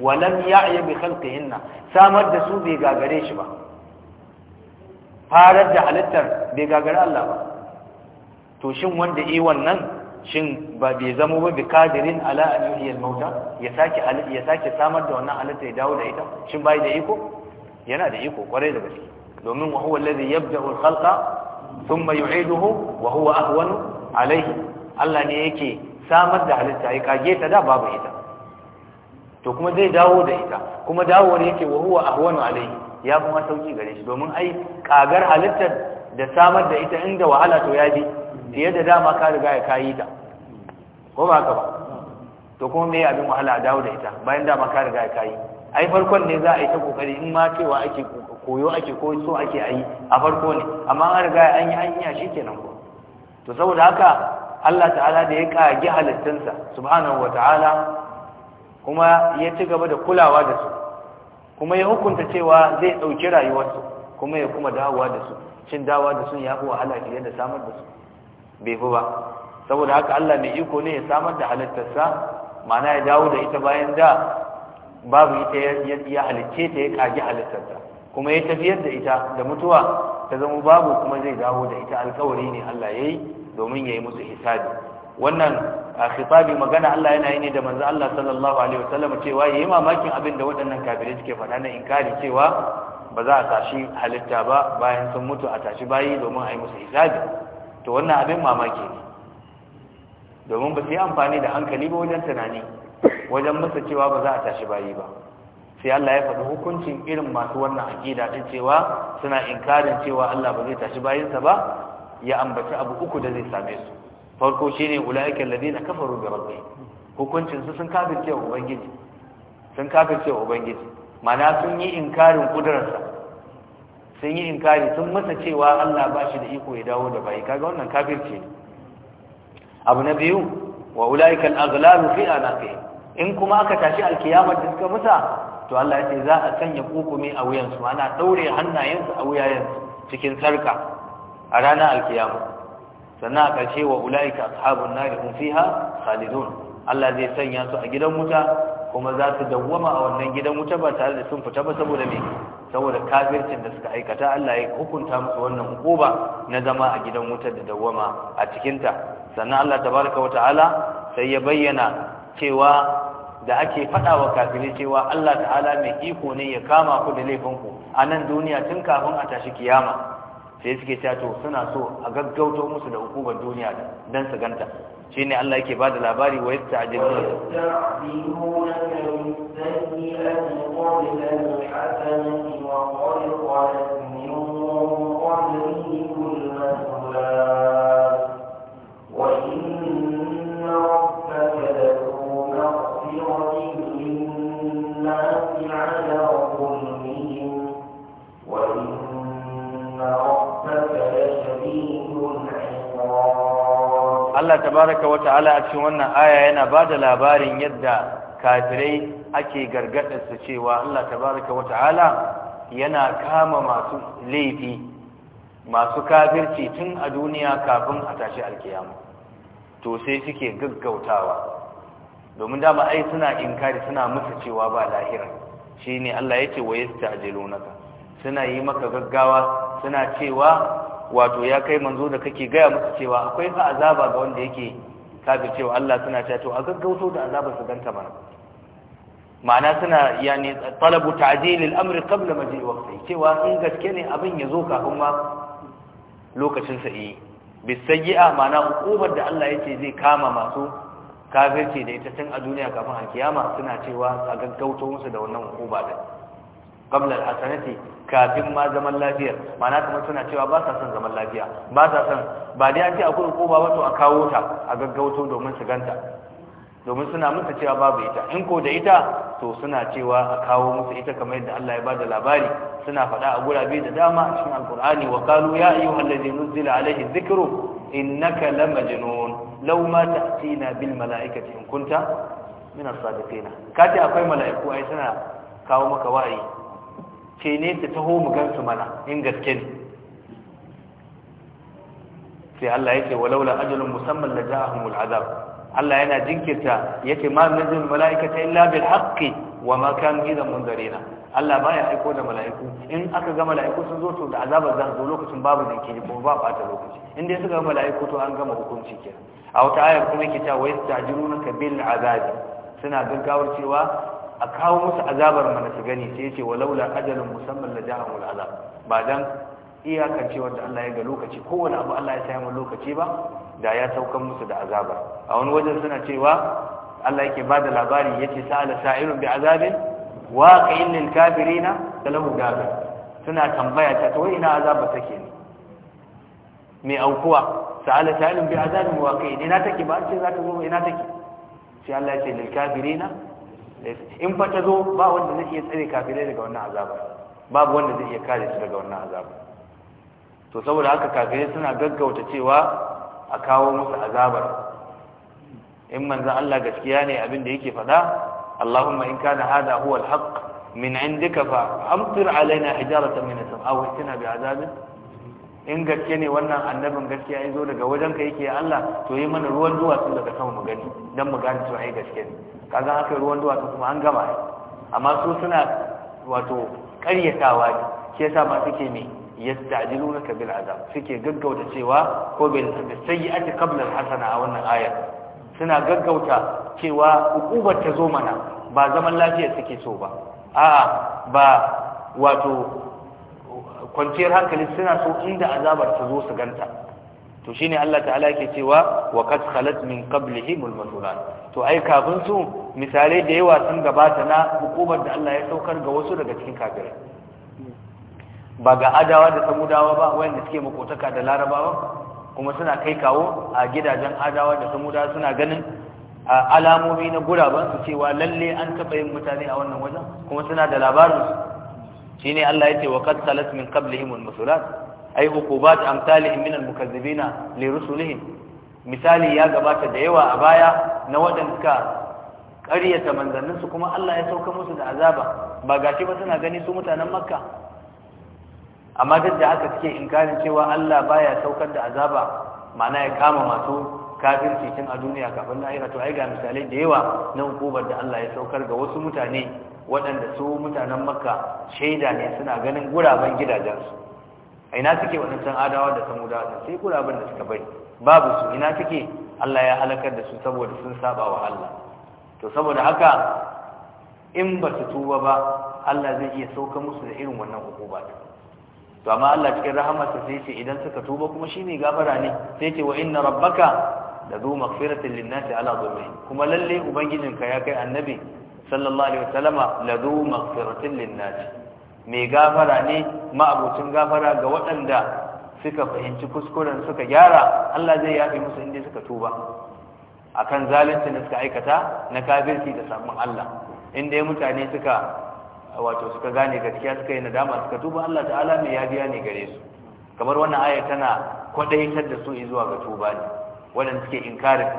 walam ya'ya bi khalqihinna samar da su bai gagare shi ba farar da halittar bai gagare Allah ba to shin wanda yi wannan shin ba bai zama ba kadirin ala an yuhyi al-mauta ya sake ya samar da wannan halitta ya dawo da ita shin bai da iko yana da iko kwarai da gaske domin wa huwa allazi yabda'u al-khalqa thumma yu'iduhu wa huwa ahwanu alayhi Allah ne yake samar da halitta ai kage ta da babu ita to kuma zai dawo da ita kuma dawowar yake wa huwa ahwanu alayhi ya kuma sauki gare shi domin ai kagar halittar da samar da ita inda wahala to ya fiye da dama ka riga ya kayi ta ko ba ka ba to kuma me abin wahala a dawo da ita bayan dama ka riga ya kayi ai farkon ne za a yi ta kokari in ma cewa ake koyo ake ko so ake ayi a farko ne amma an riga an yi hanya shikenan ko to saboda haka Allah ta'ala da ya kage halittunsa subhanahu wata'ala kuma ya ci gaba da kulawa da su kuma ya hukunta cewa zai dauki rayuwarsu kuma ya kuma dawowa da su cin dawowa da su ya fi wahala fiye da samar da su bai fi ba saboda haka Allah mai iko ne ya samar da halittarsa ma'ana ya dawo da ita bayan da babu ita ya halicce ta ya kage halittarsa. kuma ya tafiyar da ita da mutuwa ta zama babu kuma zai dawo da ita alkawari ne Allah ya yi domin ya yi musu hisabi wannan a hisabi magana Allah yana yi ne da manzo Allah sallallahu alaihi wasallam cewa ya yi mamakin abin da waɗannan kafirai suke faɗa na inkari cewa ba za a tashi halitta ba bayan sun mutu a tashi bayi domin a yi musu hisabi to wannan abin mamaki ne domin ba su yi amfani da hankali ba wajen tunani wajen musu cewa ba za a tashi bayi ba sai Allah ya faɗi hukuncin irin masu wannan aƙida ta cewa suna inkarin cewa Allah ba zai tashi bayansa ba ya ambaci abu uku da zai same su farko shi shine ulaika na kafaru bi rabbi hukuncin su sun kafirce wa ubangiji sun kafirce wa ubangiji mana sun yi inkarin ƙudurarsa, sun yi inkari sun masa cewa Allah ba shi da iko ya dawo da bayi kaga wannan kafirci ne abu na biyu wa ulaika al-aghlalu fi anaqihim in kuma aka tashi alkiyama da suka musa to Allah ya ce za a sanya kukumi a wuyansu ana daure hannayensu a wuyayensu cikin sarka a ranar alkiyama sannan a ƙarshe wa ula'ika ashabun nari hum fiha khalidun Allah zai sanya su a gidan wuta kuma za su dawwama a wannan gidan wuta ba tare da sun fita ba saboda me saboda kafircin da suka aikata Allah ya hukunta musu wannan hukuma na zama a gidan wuta da dawwama a cikinta. sannan Allah tabaraka wa ta'ala sai ya bayyana cewa da ake faɗa wa kafirai cewa Allah ta'ala mai iko ne ya kama ku da laifinku a nan duniya tun kafin a tashi kiyama sai suke cewa to suna so a gaggauto musu da hukumar duniya dan su ganta shine Allah yake da labari wa yasta'jiluna wa qad Allah tabaraka wa ta'ala a cikin wannan aya yana ba da labarin yadda kafirai ake su cewa Allah tabaraka wa ta'ala yana kama masu laifi masu kafirci tun a duniya kafin a tashi alkiyama to sai suke gaggautawa domin dama ai suna inkari suna musu cewa ba lahira shine Allah yace wa yasta'jilunaka suna yi maka gaggawa suna cewa wato ya kai manzo da kake gaya musu cewa akwai ka azaba ga wanda yake kafi cewa Allah suna cewa to a gaggauto da azabar su ganta mana ma'ana suna yani talabu ta'jil al-amr qabla maji waqti cewa in gaske ne abin ya zo kafin ma lokacin sa yi bisayyi'a ma'ana hukumar da Allah yake zai kama masu kafirci da ita tun a duniya kafin a kiyama suna cewa a gaggauto musu da wannan hukuma din qabla al-hasanati kafin ma zaman lafiya mana kuma suna cewa ba sa son zaman lafiya ba sa son ba dai an ce akwai hukuma ba a kawo ta a gaggauto domin su ganta domin suna musu cewa babu ita in ko da ita to suna cewa a kawo musu ita kamar yadda Allah ya bada labari suna faɗa a gurabe da dama a cikin alkur'ani wa qalu ya ayyuhallazi nuzila alaihi dhikru innaka lamajnun law ma ta'tina bil mala'ikati in kunta min as-sadiqina kace akwai mala'iku ai suna kawo maka wa'ayi ce ne taho mu gansu mana in gaske ne sai Allah yake walaula ajalun musamman la ja'ahumul azab Allah yana jinkirta yake ma nazil malaikata illa bil haqqi wa ma kanu idan munzarina Allah baya aiko da mala'iku in aka ga mala'iku sun zo to da azabar zan zo lokacin babu jinkiri ko ba bata lokaci in dai suka ga mala'iku to an gama hukunci kenan a wata ayar kuma yake cewa wayastajirunaka bil azabi suna gaggawar cewa a kawo musu azabar mana su gani sai yace walaula ajalun musamman la ja'ahul azab ba dan iyakance da Allah ya ga lokaci kowanne abu Allah ya sa mu lokaci ba da ya saukan musu da azabar a wani wajen suna cewa Allah yake bada labari yace sa'ala sa'irun bi azabin waqi'in lil kafirina talahu gabe suna tambaya ta to ina azaba take ne me aukuwa sa'ala sa'irun bi azabin waqi'in ina take ba ce za ta zo ina take sai Allah ya ce lil kafirina in fa ta zo ba wanda zai iya tsare kafirai daga wannan azaba babu wanda zai iya kare su daga wannan azaba to saboda haka kafirai suna gaggauta cewa a kawo musu azabar in manzan Allah gaskiya ne abin da yake faɗa Allahumma in kana hada huwa alhaq min indika fa amtir alaina hijaratan min as-sama'i wa itina bi'adabin azabin in gaske ne wannan annabin gaskiya ya zo daga wajen ka yake Allah to yi mana ruwan duwatsu daga sama mu gani dan mu gane cewa ai gaske ne kaga haka ruwan duwatsu kuma an gama amma su suna wato ƙaryatawa ne shi yasa ma suke me ka bil azab suke gaggauta cewa ko bil sayyi'ati qabla al hasana a wannan ayar suna gaggauta cewa hukubar ta zo mana ba zaman lafiya suke so ba a'a ba wato kwanciyar hankali suna so inda azabar ta zo su ganta to shine Allah ta'ala yake cewa wa qad khalat min qablihim al to ai kafin su misalai da yawa sun gabata na hukumar da Allah ya saukar ga wasu daga cikin kafirai ba ga adawa da samudawa ba wanda suke makotaka da larabawa kuma suna kai kawo a gidajen adawa da samudawa suna ganin alamomi na gurabansu cewa lalle an taɓa yin mutane a wannan wajen kuma suna da labarinsu shine Allah yace wa qad khalat min qablihim al-musulat ay uqubat amsalihim min al-mukazzibina li rusulihim misali ya gabata da yawa a baya na waɗanda ƙaryata manzannin su kuma Allah ya sauka musu da azaba ba gashi ba suna gani su mutanen Makka amma duk da haka suke inkarin cewa Allah baya saukar da azaba ma'ana ya kama masu kafirci tun a duniya kafin lahira to ai ga misalai da yawa na hukumar da Allah ya saukar ga wasu mutane waɗanda su mutanen maka shaida ne suna ganin guraben gidajensu a ina suke waɗancan adawa da samudawa da sai guraben da suka bai babu su ina suke Allah ya halakar da su saboda sun saba wa Allah to saboda haka in ba su tuba ba Allah zai iya sauka musu da irin wannan hukuma to amma Allah cikin rahamarsa sai ce idan suka tuba kuma shine gafara ne sai ce wa inna rabbaka da zu maghfiratin linnati ala dhulmihim kuma lalle ubangijinka ya kai annabi sallallahu alaihi wasallama ladu maghfiratin linnas me gafara ne ma'abucin gafara ga waɗanda suka fahimci kuskuren suka gyara Allah zai yafi musu inda suka tuba akan zalunci da suka aikata na kafirci da sabon Allah inda mutane suka wato suka gane gaskiya suka yi nadama suka tuba Allah ta'ala ya biya ne gare su kamar wannan aya tana kwadaitar da su zuwa ga tuba ne waɗanda suke inkarin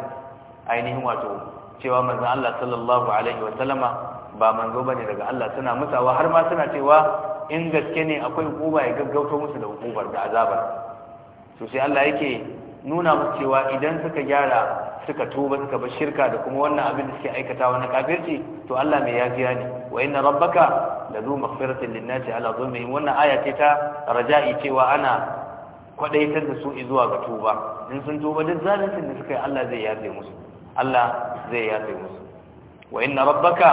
ainihin wato cewa manzon Allah sallallahu alaihi wa sallama ba manzo bane daga Allah suna mutawa har ma suna cewa in gaske ne akwai hukuma ya gaggauto musu da hukumar da azabar to sai Allah yake nuna musu cewa idan suka gyara suka tuba suka bar shirka da kuma wannan abin da suke aikatawa na kafirci to Allah mai yafiya ne wa inna rabbaka la zu maghfiratin lin-nasi ala dhulmihim wannan aya ce ta raja'i cewa ana kwadaitar da su zuwa ga tuba in sun tuba duk zalincin da suka yi Allah zai yafe musu Allah zai yafe musu wa inna rabbaka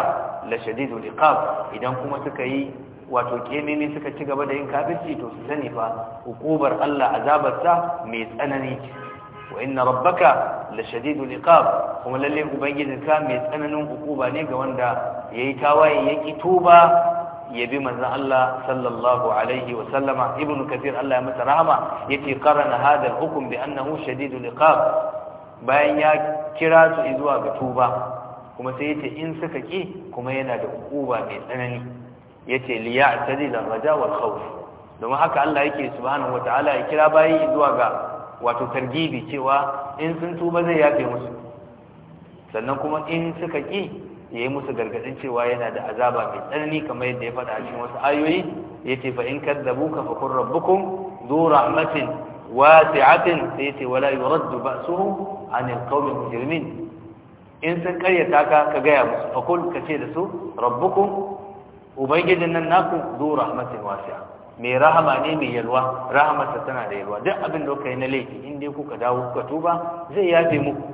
la shadidul idan kuma suka yi wato kemini suka ci gaba da yin kafirci to su sani fa hukubar Allah azabarsa mai tsanani wa inna rabbaka la shadidu iqab kuma lalle ubangijinka mai tsananin hukuba ne ga wanda yayi tawaye yaki tuba bi manzon Allah sallallahu alaihi wa sallama ibn kathir Allah ya masa rahama yace qarana hada al-hukm bi annahu shadidul liqab. bayan ya kira su zuwa ga tuba kuma sai yace in suka ki kuma yana da ukuba mai tsanani yace li ya'tadil raja wal khawf domin haka Allah yake subhanahu wataala ya kira bayi zuwa ga wato targibi cewa in sun tuba zai yafe musu sannan kuma in suka ki yayi musu gargadin cewa yana da azaba mai tsanani kamar yadda ya faɗa a cikin wasu ayoyi yace fa in kadzabuka fa qur rabbukum dhu rahmatin wasi'atin sai yace wala yuraddu ba'suhu anil qaumil mujrimin in sun karyata ka ka gaya musu fakul ka ce da su rabbukum ubangijin nan naku zu rahmatin wasi'a mai rahama ne mai yalwa rahamarsa tana da yalwa duk abin da kuka yi na laifi in dai kuka dawo kuka tuba zai yafe muku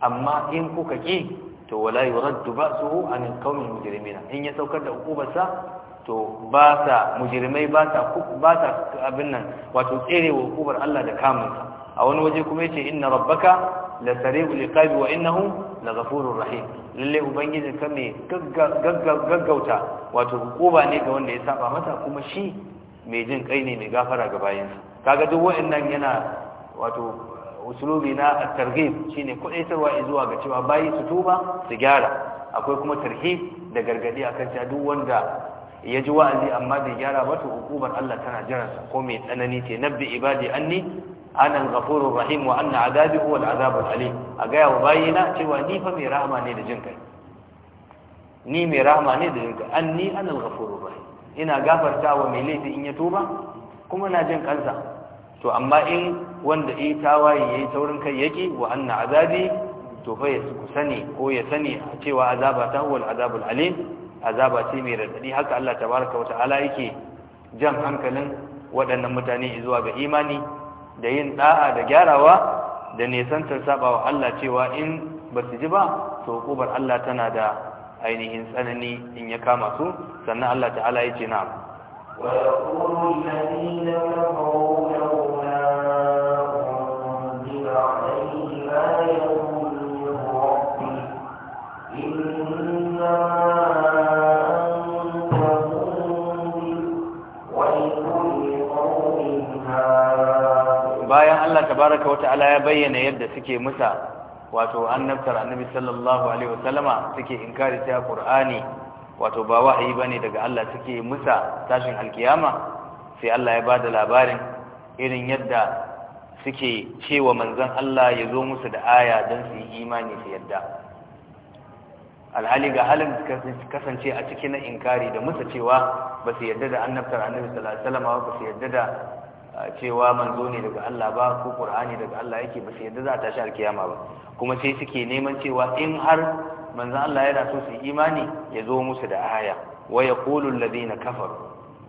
amma in kuka ki to wala yuraddu ba'suhu anil qaumil mujrimina in ya saukar da hukubarsa to ba sa mujirmai ba sa abin nan wato tserewa hukubar Allah da kamunsa a wani waje kuma yace inna rabbaka la sari'ul iqabi wa innahu la ghafurur rahim lalle ubangiji ka ne gaggauta wato hukuma ne ga wanda ya saba mata kuma shi mai jin kai ne mai gafara ga bayansa kaga duk wa'annan yana wato usulubi na at-targhib shine kudaitarwa zuwa ga cewa bayi su tuba su gyara akwai kuma tarhib da gargadi akan cewa duk wanda ya ji wa'azi amma bai gyara ba to hukumar Allah tana jiran sa ko mai tsanani ce nabbi ibadi anni ana al-ghafurur rahim wa anna azabi huwa al-azabul alim a gaya wa bayina cewa ni fa mai rahama ne da jin kai ni mai rahama ne da jin kai ni ana al-ghafurur rahim ina gafarta wa mai laifi in ya tuba kuma na jin kansa to amma in wanda yi tawaye yayi taurin kai yake wa anna azabi to fa ya sani ko ya sani cewa azaba ta huwa al-azabul alim azaba ce mai radadi haka Allah tabaraka wa ta'ala yake jan hankalin waɗannan mutane zuwa ga imani da yin da'a da gyarawa da nesantar saba wa Allah cewa in ba su ji ba to kubar Allah tana da ainihin tsanani in ya kama su sannan Allah ta'ala ya ce na Thank you. Allah tabaraka wa ta'ala ya bayyana yadda suke musa wato annabtar annabi sallallahu alaihi wasallama suke inkari ta qur'ani wato ba wahayi bane daga Allah suke musa tashin alkiyama sai Allah ya bada labarin irin yadda suke cewa manzon Allah ya zo musu da aya don su yi imani su yadda alhali ga halin kasance a cikin na inkari da musa cewa ba su yadda da annabtar annabi sallallahu alaihi wasallama ba su yadda da cewa manzo ne daga Allah ba ko Qur'ani daga Allah yake ba sai yadda za ta shi alkiyama ba kuma sai suke neman cewa in har manzo Allah yana so su imani ya zo musu da aya wa yaqulu alladhina kafar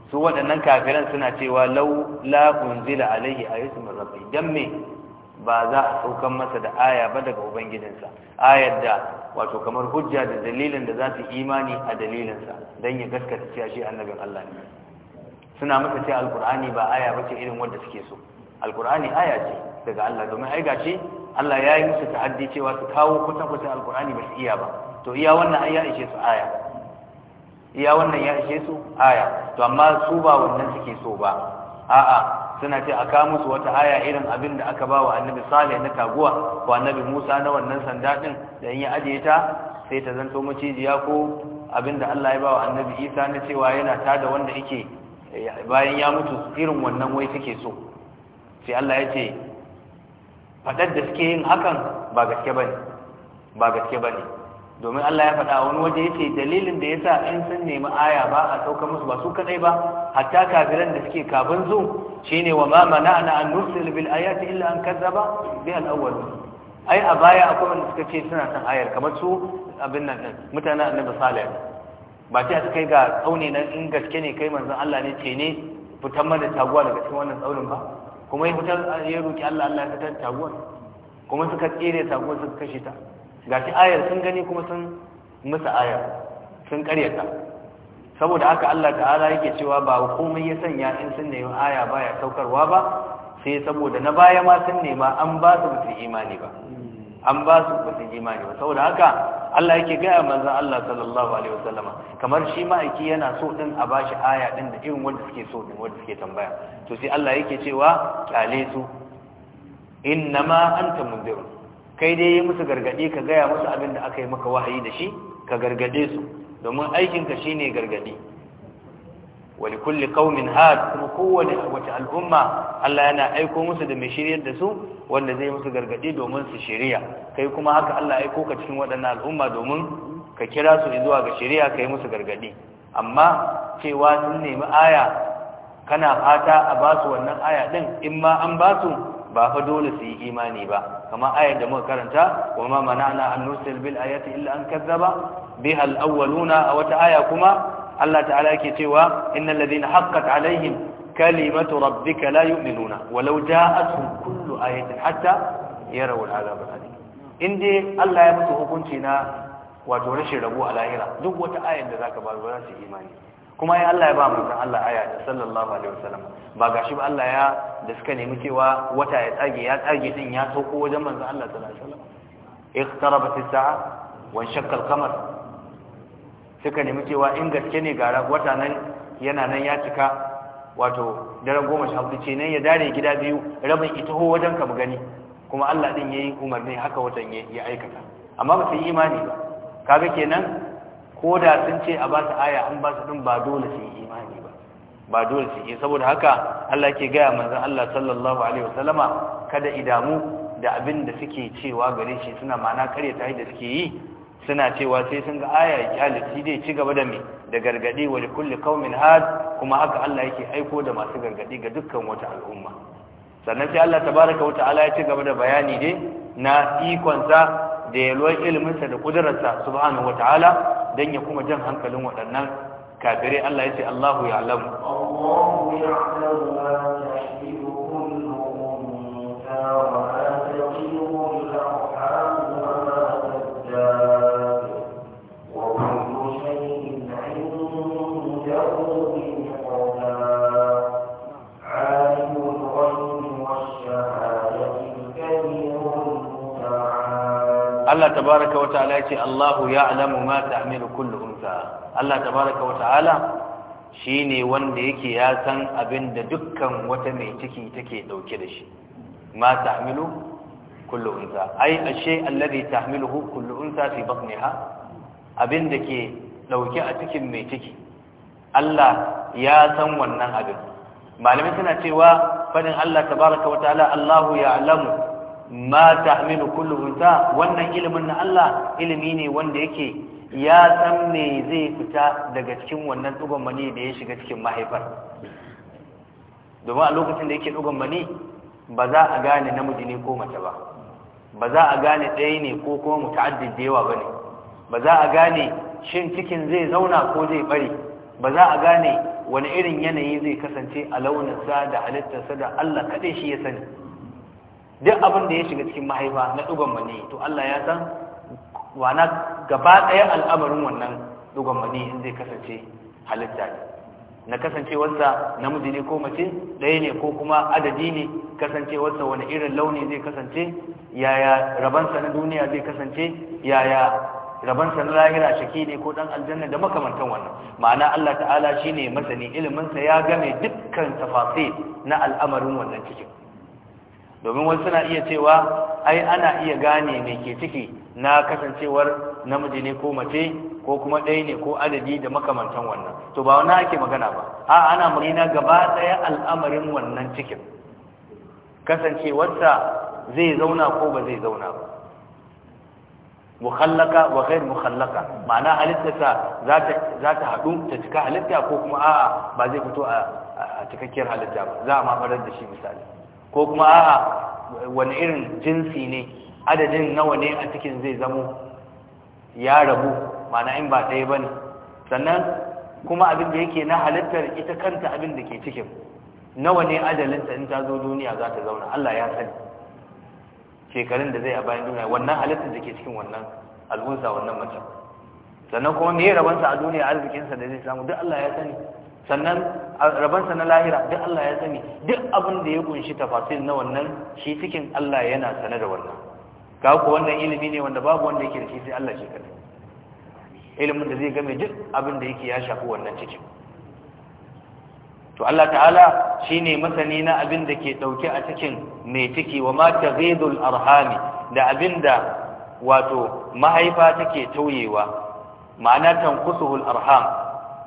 su waɗannan kafiran suna cewa law la unzila alaihi ayatun min rabbi dan me ba za a saukan masa da aya ba daga ubangijinsa ayar da wato kamar hujja da dalilin da za su imani a dalilinsa don ya gaskata cewa shi annabin Allah ne suna masa ce alkur'ani ba aya bace irin wanda suke so alkur'ani aya ce daga Allah domin ai gashi Allah ya yi musu ta'addi cewa su kawo kusa-kusa alkur'ani ba su iya ba to iya wannan ai ya ishe su aya iya wannan ya ishe su aya to amma su ba wannan suke so ba a'a suna ce aka musu wata aya irin abin da aka ba wa annabi salih na taguwa ko annabi musa na wannan sanda din da in ya ajiye ta sai ta zanto ya ko abin da Allah ya ba wa annabi isa na cewa yana tada wanda yake bayan ya mutu irin wannan wai suke so sai Allah ya ce faɗar da suke yin hakan ba gaske bane ba gaske bane domin Allah ya faɗa wani waje ce dalilin da ya sa in sun nemi aya ba a sauka musu ba su kadai ba hatta kafiran da suke kafin zo shine wa ma mana'ana an nursil bil ayati illa an kazzaba bi al awwal ai a baya akwai wanda suka ce suna son ayar kamar su abin nan mutanen annabi salih ba sai a kai ga tsauni nan in gaske ne kai manzon Allah ne ce ne fitan mana taguwa daga cikin wannan tsaunin ba kuma ya fitar ya roki Allah Allah ya fitar taguwar kuma suka tsere taguwa suka kashe ta ga shi ayar sun gani kuma sun musa ayar sun karyata saboda haka Allah ta'ala yake cewa ba komai ya sanya in sun nemi aya baya saukarwa ba sai saboda na baya ma sun nema an ba su mutum imani ba an ba su ba su imani ba saboda haka Allah yake gaya manzon Allah sallallahu alaihi wasallama kamar shi ma'aiki yana so din a bashi aya din da irin wanda suke so din wanda suke tambaya to sai Allah yake cewa kyale su innama anta mundir kai dai yi musu gargadi ka gaya musu abin da aka yi maka wahayi da shi ka gargade su domin aikinka shine gargadi Wani kulle kulli qaumin had kuma kowane wace al'umma Allah yana aiko musu da mai shiryar da su wanda zai musu gargadi domin su shirya. kai kuma haka Allah aiko ka cikin waɗannan al'umma domin ka kira su zuwa ga shiriya yi musu gargadi amma cewa sun nemi aya kana fata a ba su wannan aya din in ma an ba su ba fa dole su yi imani ba Kamar ayar da muka karanta wa ma mana'na an nusil bil ayati illa an kazzaba biha al-awwaluna a wata aya kuma Allah ta'ala yake cewa innal ladina haqqat alaihim kalimatu rabbika la yu'minuna walau ja'atuhum kullu ayatin hatta yarawu al'azab alim inde Allah ya musu hukunci na wato rashin rabo a lahira duk wata ayar da zaka ba za su imani kuma ya Allah ya ba mu manzon Allah aya da sallallahu alaihi wasallam ba gashi ba Allah ya da suka nemi cewa wata ya tsage ya tsage din ya sauko wajen manzon Allah sallallahu alaihi wasallam iqtarabat as-sa'a wa shakka al-qamar suka nemi cewa in gaske ne gara wata nan yana nan ya cika wato daren goma sha hudu ce nan ya dare gida biyu rabin ita ho wajen ka gani kuma Allah din yayi umarni haka watan ya aikata amma ba su yi imani ba kaga kenan ko da sun ce a ba su aya an ba su din ba dole su yi imani ba ba dole su yi saboda haka Allah ke gaya manzon Allah sallallahu alaihi wasallama kada idamu da abin da suke cewa gare shi suna ma'ana karyata da suke yi suna cewa sai sun ga aya shi dai ci gaba da me da gargadi wa kulli qaumin had kuma haka Allah yake aiko da masu gargadi ga dukkan wata al'umma sannan sai Allah tabaraka wa ta'ala ya ci gaba da bayani dai na ikonsa da yalwar iliminsa da kudurarsa subhanahu wa ta'ala don ya kuma jan hankalin waɗannan kafirai Allah ya ce Allahu ya alamu Allahu ya alamu Allah tabaraka wa ta'ala yace Allahu ya'lamu ma ta'malu kullu unsa Allah tabaraka wa ta'ala shine wanda yake ya san abinda dukkan wata mai ciki take dauke da shi ma ta'malu kullu unsa ai ashe alladhi tahmiluhu kullu unsa fi batniha abin da ke dauke a cikin mai ciki Allah ya san wannan abin malamai suna cewa fadin Allah tabaraka wa ta'ala Allahu ya'lamu ma ta kullu unsa wannan ilimin na Allah ilimi ne wanda yake ya san me zai fita daga cikin wannan dugon mani da ya shiga cikin mahaifar domin a lokacin da yake dugon mani ba za a gane namiji ne ko mace ba ba za a gane ɗaya ne ko kuma muta'addid da yawa bane ba za a gane shin cikin zai zauna ko zai bari. ba za a gane wani irin yanayi zai kasance a launinsa da halittarsa da Allah kaɗai shi ya sani duk abin da ya shiga cikin mahaifa na dugon mani to Allah ya san wana gaba ɗaya al'amarin wannan dugon mani zai kasance halitta ne na kasancewarsa namiji ne ko mace ɗaya ne ko kuma adadi ne kasancewarsa wani irin launi zai kasance yaya rabansa na duniya zai kasance yaya rabansa na lahira shaki ne ko dan aljanna da makamantan wannan ma'ana Allah ta'ala shine masani iliminsa ya game dukkan tafasir na al'amarin wannan cikin domin wasu suna iya cewa ai ana iya gane mai ke ciki na kasancewar namiji ne ko mace ko kuma ɗaya ne ko adadi da makamantan wannan to ba wani ake magana ba a ana murina gaba ɗaya al'amarin wannan cikin kasancewarsa zai zauna ko ba zai zauna ba muhallaka wa ghair muhallaka ma'ana halittarsa za ta za ta cika halitta ko kuma a'a ba zai fito a cikakkiyar halitta ba za a ma farar da shi misali ko kuma a'a wani irin jinsi ne adadin nawa ne a cikin zai zamo ya rabu mana in ba ɗaya ba ne sannan kuma abin da yake na halittar ita kanta abin da ke cikin nawa ne ajalinta in ta zo duniya za ta zauna Allah ya sani shekarun da zai a bayan duniya wannan halittar da ke cikin wannan al'unsa wannan mace sannan kuma me rabansa a duniya arzikinsa da zai samu duk Allah ya sani sannan rabansa na lahira duk Allah ya sani duk abin da ya kunshi tafasil na wannan shi cikin Allah yana sane da wannan ga ku wannan ilimi ne wanda babu wanda yake da shi Allah shi kadai ilimin da zai game duk abin da yake ya shafi wannan cikin to Allah ta'ala shine masani na abin da ke dauke a cikin mai ciki wa ma taghidul arhami da abin da wato mahaifa take tauyewa ma'ana tanqusul arham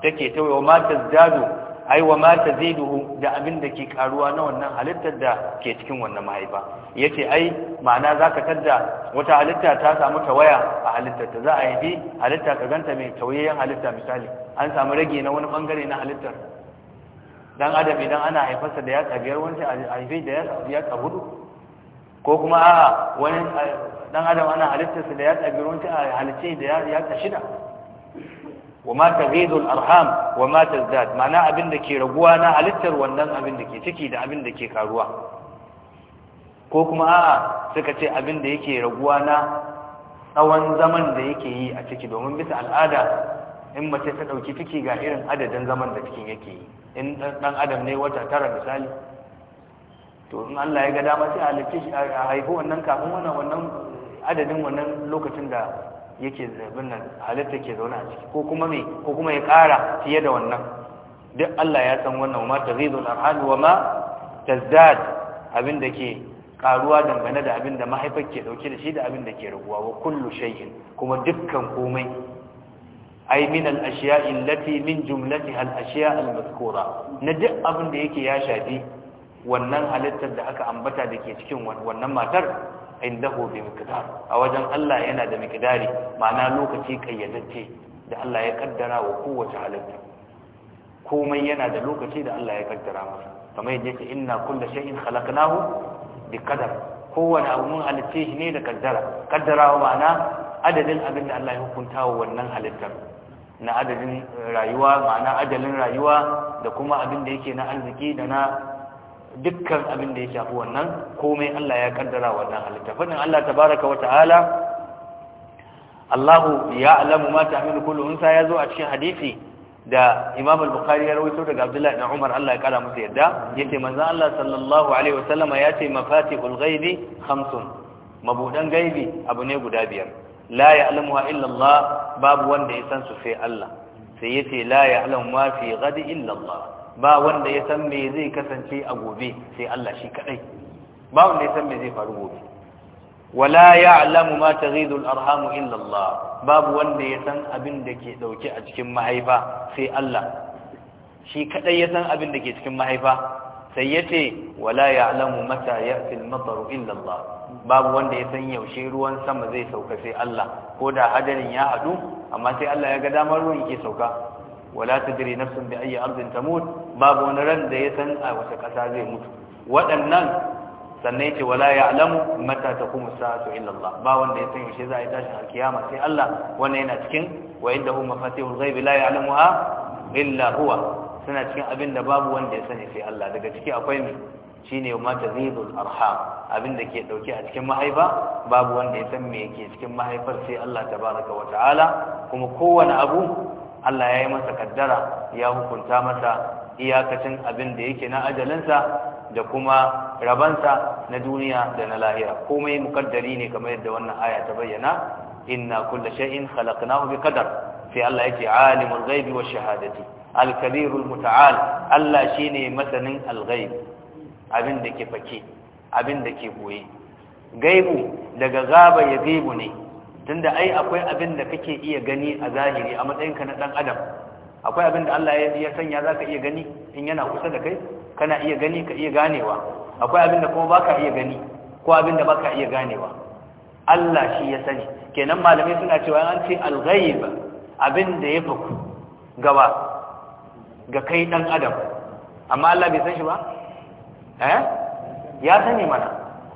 take ta wa ma zadu ai wa ma taziduhu da abin da ke karuwa na wannan halittar da ke cikin wannan mahaifa yace ai ma'ana zaka tadda wata halitta ta samu tawaya a halittar ta za a yi halitta ka ganta mai tawayen halitta misali an samu rage na wani bangare na halittar dan adam idan ana haifarsa da yatsa biyar wani a haife da yatsa hudu ko kuma a'a wani eh, dan adam ana halittarsa da yatsa biyar wani a halice da yatsa shida wa ma taghidu arham wa ma tazdad ma'ana abin da ke raguwa na halittar wannan abin da ke ciki da abin da ke karuwa ko kuma a'a suka ce abin da yake raguwa na tsawon zaman da yake yi a ciki domin bisa al'ada in mace ta dauki ciki ga irin adadin zaman da cikin yake yi in dan adam ne wata tara misali to in Allah ya ga dama sai a halitta shi a haihu wannan kafin wannan wannan adadin wannan lokacin da yake zabin nan halitta ke zaune a ciki ko kuma me ko kuma ya ƙara fiye da wannan duk Allah ya san wannan ma tazidul arham wa ma tazdad abin da ke karuwa dangane da abin da mahaifar ke dauke da shi da abin da ke raguwa wa kullu shay'in kuma dukkan komai ay min al ashiya allati min jumlatiha al ashiya al mazkura na duk abin da yake ya shafi wannan halittar da aka ambata da ke cikin wannan matar indahu bi miqdar a wajen Allah yana da miqdari ma'ana lokaci kayyadacce da Allah ya kaddara wa kowace halitta komai yana da lokaci da Allah ya kaddara masa kamar yadda yake inna kulla shay'in khalaqnahu bi qadar kowane abu mun halitta shi ne da kaddara kaddarawa ma'ana adadin abin da Allah ya hukunta wa wannan halittar na adadin rayuwa ma'ana adalin rayuwa da kuma abin da yake na arziki da na dukkan abin da ya shafi wannan komai Allah ya kaddara wannan halitta fadin Allah tabaraka wa ta'ala Allahu ya'lamu ma ta'malu kullu unsa yazo a cikin hadisi da Imam al-Bukhari ya rawaito daga Abdullah ibn Umar Allah ya kara masa yadda yace manzon Allah sallallahu alaihi wasallama yace mafatihul ghaibi khamsun mabudan gaibi abu ne guda biyar la ya'lamuha illa Allah babu wanda ya san su sai Allah sai yace la ya'lamu ma fi ghadi illa Allah ba wanda ya san me zai kasance a gobe sai Allah shi kadai ba wanda ya san me zai faru gobe wala ya'lamu ma taghidu al-arham illa Allah babu wanda ya san abin da ke dauke a cikin mahaifa sai Allah shi kadai ya san abin da ke cikin mahaifa sai yace wala ya'lamu mata ya'ti al-matar illa Allah babu wanda ya san yaushe ruwan sama zai sauka sai Allah ko da hadarin ya hadu amma sai Allah ya ga damar ruwan yake sauka wala tadri nafsun bi ayi ardin tamut babu wani ran da ya san a wace kasa zai mutu waɗannan sannan yace wala ya'lamu mata taqumu sa'atu illa Allah ba wanda ya san yaushe za a yi tashin alkiyama sai Allah wannan yana cikin wa inda hum mafatihul ghaibi la ya'lamuha illa huwa suna cikin abin da babu wanda ya sani sai Allah daga ciki akwai mai shine ma tazidul arham abin da ke dauke a cikin mahaifa babu wanda ya san me yake cikin mahaifar sai Allah tabaraka wa ta'ala kuma kowane abu Allah ya yi masa kaddara ya hukunta masa iyakacin abin da yake na ajalinsa da kuma rabansa na duniya da na lahira komai mukaddari ne kamar yadda wannan aya ta bayyana inna kulla shay'in khalaqnahu bi qadar sai Allah yake alimul ghaibi wa shahadati al-kabirul muta'al Allah shine masanin al-ghaib abin da ke fake abin da ke goye gaibu daga gaba ya gaibu ne tunda ai akwai abin da kake iya gani a zahiri a matsayinka na dan adam akwai abin da Allah ya sanya zaka iya gani in yana kusa da kai kana iya gani ka iya ganewa akwai abin da kuma baka iya gani ko abin da baka iya ganewa Allah shi ya sani kenan malamai suna cewa an ce al-ghaib abin da ya fuku gaba ga kai dan adam amma Allah bai san shi ba eh ya sani mana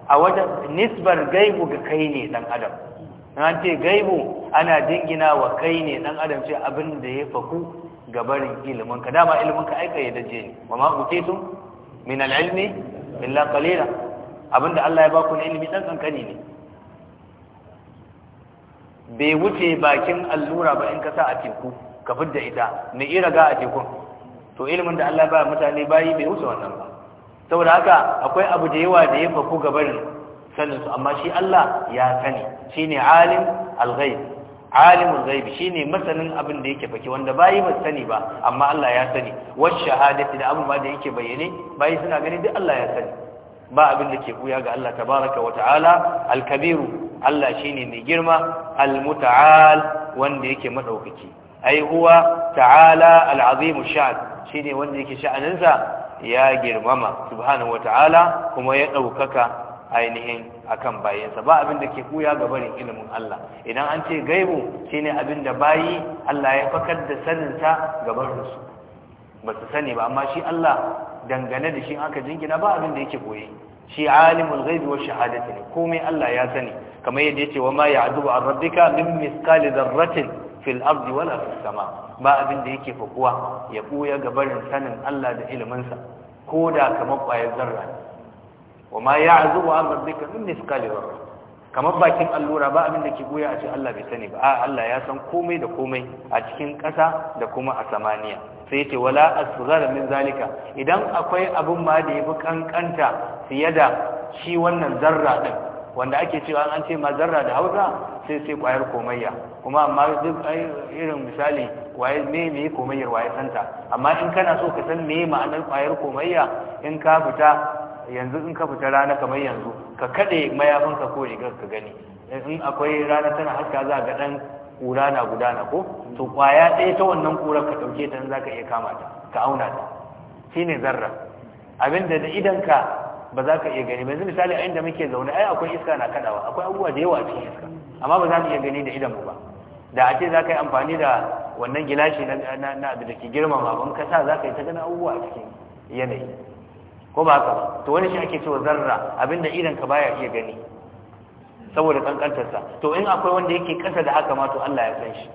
a wajen nisbar gaibu ga kai ne dan adam Na ce gaibu ana dingina wa kai ne dan adam ce abin da ya faku ga barin ilimin ka dama ilimin ka aika ya daje ne wa ma utitum min al-ilmi illa qalila abinda Allah ya ba ku ilimi dan kankani ne bai wuce bakin allura ba in ka sa a teku ka fidda ita ne ira ga a tekun to ilimin da Allah ya ba mutane bayi bai wuce wannan ba saboda haka akwai abu da yawa da ya faku ga barin sanin su amma shi Allah ya sani shine alim al-ghaib alimul shine masanin abin da yake fake wanda bayi ba sani ba amma Allah ya sani was shahadati da abin ba da yake bayyane bayi suna gani duk Allah ya sani ba abin da ke buya ga Allah tabaraka wa ta'ala al-kabiru Allah shine mai girma al wanda yake madaukaki ai huwa ta'ala al'azimu azim sha'an shine wanda yake sha'aninsa ya girmama subhanahu wa ta'ala kuma ya daukaka ainihin akan bayinsa ba abin da ke kuya ga barin ilimin Allah idan an ce gaibu shine abin da bayi Allah ya fakar da saninta ga barinsu ba su sani ba amma shi Allah dangane da shi aka jingina ba abin da yake koyi shi alimul ghaibi wa shahadati ne komai Allah ya sani kamar yadda yace wa ma ya'dubu an rabbika min misqali dharratin fil ardi wala fis sama ba abin da yake fakuwa ya kuya ga barin sanin Allah da iliminsa ko da kamar kwayar zarra wa ma ya'zubu an rabbika su mithqali ba kamar bakin allura ba abin da ke goya a ce Allah bai sani ba a Allah ya san komai da komai a cikin ƙasa da kuma a samaniya sai ce wala asghar min zalika idan akwai abun ma da yafi kankanta fiye da shi wannan zarra din wanda ake cewa an ce ma zarra da Hausa sai sai kwayar komayya kuma amma duk irin misali waye me me komayyar waye santa amma in kana so ka san me ma'anar kwayar komayya in ka fita yanzu in ka fita rana kamar yanzu ka kaɗe mayafinka ko rigar ka gani in akwai rana tana haska za ga ɗan ƙura na gudana ko to ƙwaya ɗaya ta wannan ƙurar ka ɗauke ta za ka iya kama ta ka auna ta shi ne zarra abinda da idan ka ba za ka iya gani yanzu misali a inda muke zaune ai akwai iska na kaɗawa akwai abubuwa da yawa a cikin iska amma ba za mu iya gani da mu ba da a ce za ka yi amfani da wannan gilashi na da ke girmama ban kasa za ka yi ta gani abubuwa a cikin yanayi ko ba haka to wani shi ake cewa zarra abinda idan ka baya iya gani saboda kankantarsa to in akwai wanda yake kasa da haka ma to Allah ya san shi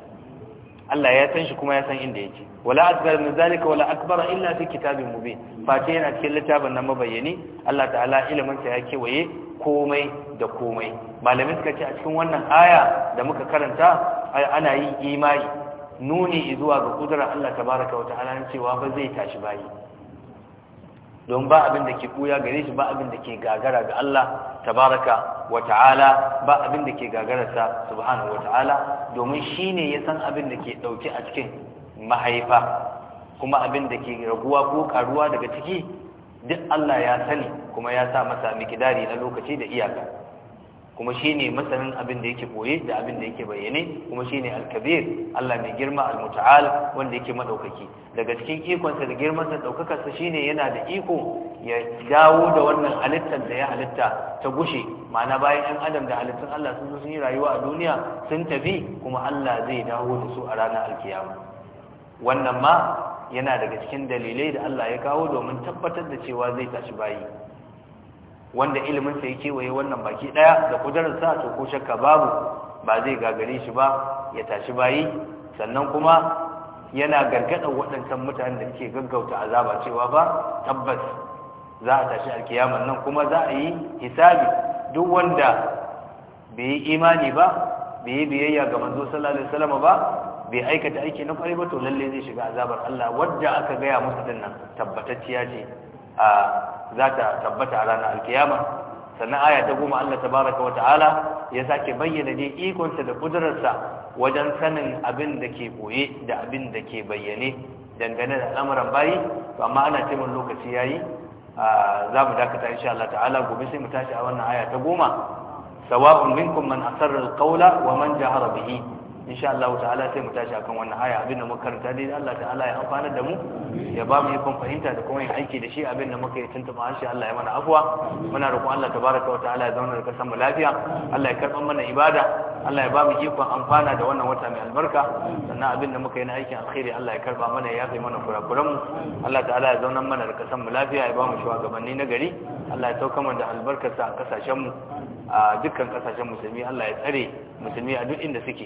Allah ya san shi kuma ya san inda yake wala asghar min zalika wala akbar illa fi kitabin mubin ce yana cikin littafin nan mabayyani Allah ta'ala ilimin sa ya kewaye komai da komai malamin suka ce a cikin wannan aya da muka karanta ana yi imani nuni zuwa ga kudura Allah tabaraka wa ta'ala cewa ba zai tashi bayi don ba abin da ke koya gare shi ba abin da ke gagara ga Allah tabaraka wa ta'ala ba abin da ke ta subhanahu wa ta'ala domin shi ne ya san abin da ke ɗauke a cikin mahaifa kuma abin da ke raguwa ko karuwa daga ciki duk Allah ya sani kuma ya sa masa mikidari na lokaci da iyaka kuma shine masanin abin da yake boye da abin da yake bayyane kuma shine ne alkabir Allah mai girma almuta'al wanda yake madaukaki daga cikin ikonsa da girmansa daukakarsa shine yana da iko ya dawo da wannan halittar da ya halitta ta gushe ma'ana bayan 'yan adam da halittun Allah sun zo sun yi rayuwa a duniya sun tafi kuma Allah zai dawo da su a ranar alkiyama wannan ma yana daga cikin dalilai da Allah ya kawo domin tabbatar da cewa zai tashi bayi wanda ilimin sa ya kewaye wannan baki daya da kudarar sa to ko shakka babu ba zai gagare shi ba ya tashi bayi sannan kuma yana gargada waɗancan mutanen da ke gaggauta azaba cewa ba tabbas za a tashi alkiyamar nan kuma za a yi hisabi duk wanda bai imani ba bai biyayya ga manzo sallallahu alaihi wasallam ba bai aikata aiki na kwari ba to lalle zai shiga azabar Allah wanda aka gaya musu dinnan tabbatacciya ce a za ta tabbata a ranar alkiyama sannan aya ta goma Allah tabaraka wa ta'ala ya sake bayyana ne ikonsa da kudurarsa wajen sanin abin da ke boye da abin da ke bayyane dangane da al'amuran bayi to amma ana ce mun lokaci yayi za mu dakata insha Allah ta'ala gobe sai mu tashi a wannan aya ta goma sawa'un minkum man asarra al wa man jahara bihi insha Allah ta'ala sai mu tashi akan wannan aya abinda muka karanta dai Allah ta'ala ya amfana da mu ya ba mu ikon fahimta da kuma yin aiki da shi abinda muka yi tuntuma harshe Allah ya mana afwa muna roƙon Allah tabaraka wa ta'ala ya zauna da kasan mu lafiya Allah ya karɓa mana ibada Allah ya ba mu ikon amfana da wannan wata mai albarka sannan abinda muka yi na aikin alkhairi Allah ya karɓa mana ya yafe mana kurakuran mu Allah ta'ala ya zauna mana da kasan mu lafiya ya ba mu shugabanni na gari Allah ya sauka mana da albarkarsa a kasashen mu a dukkan kasashen musulmi Allah ya tsare musulmi a duk inda suke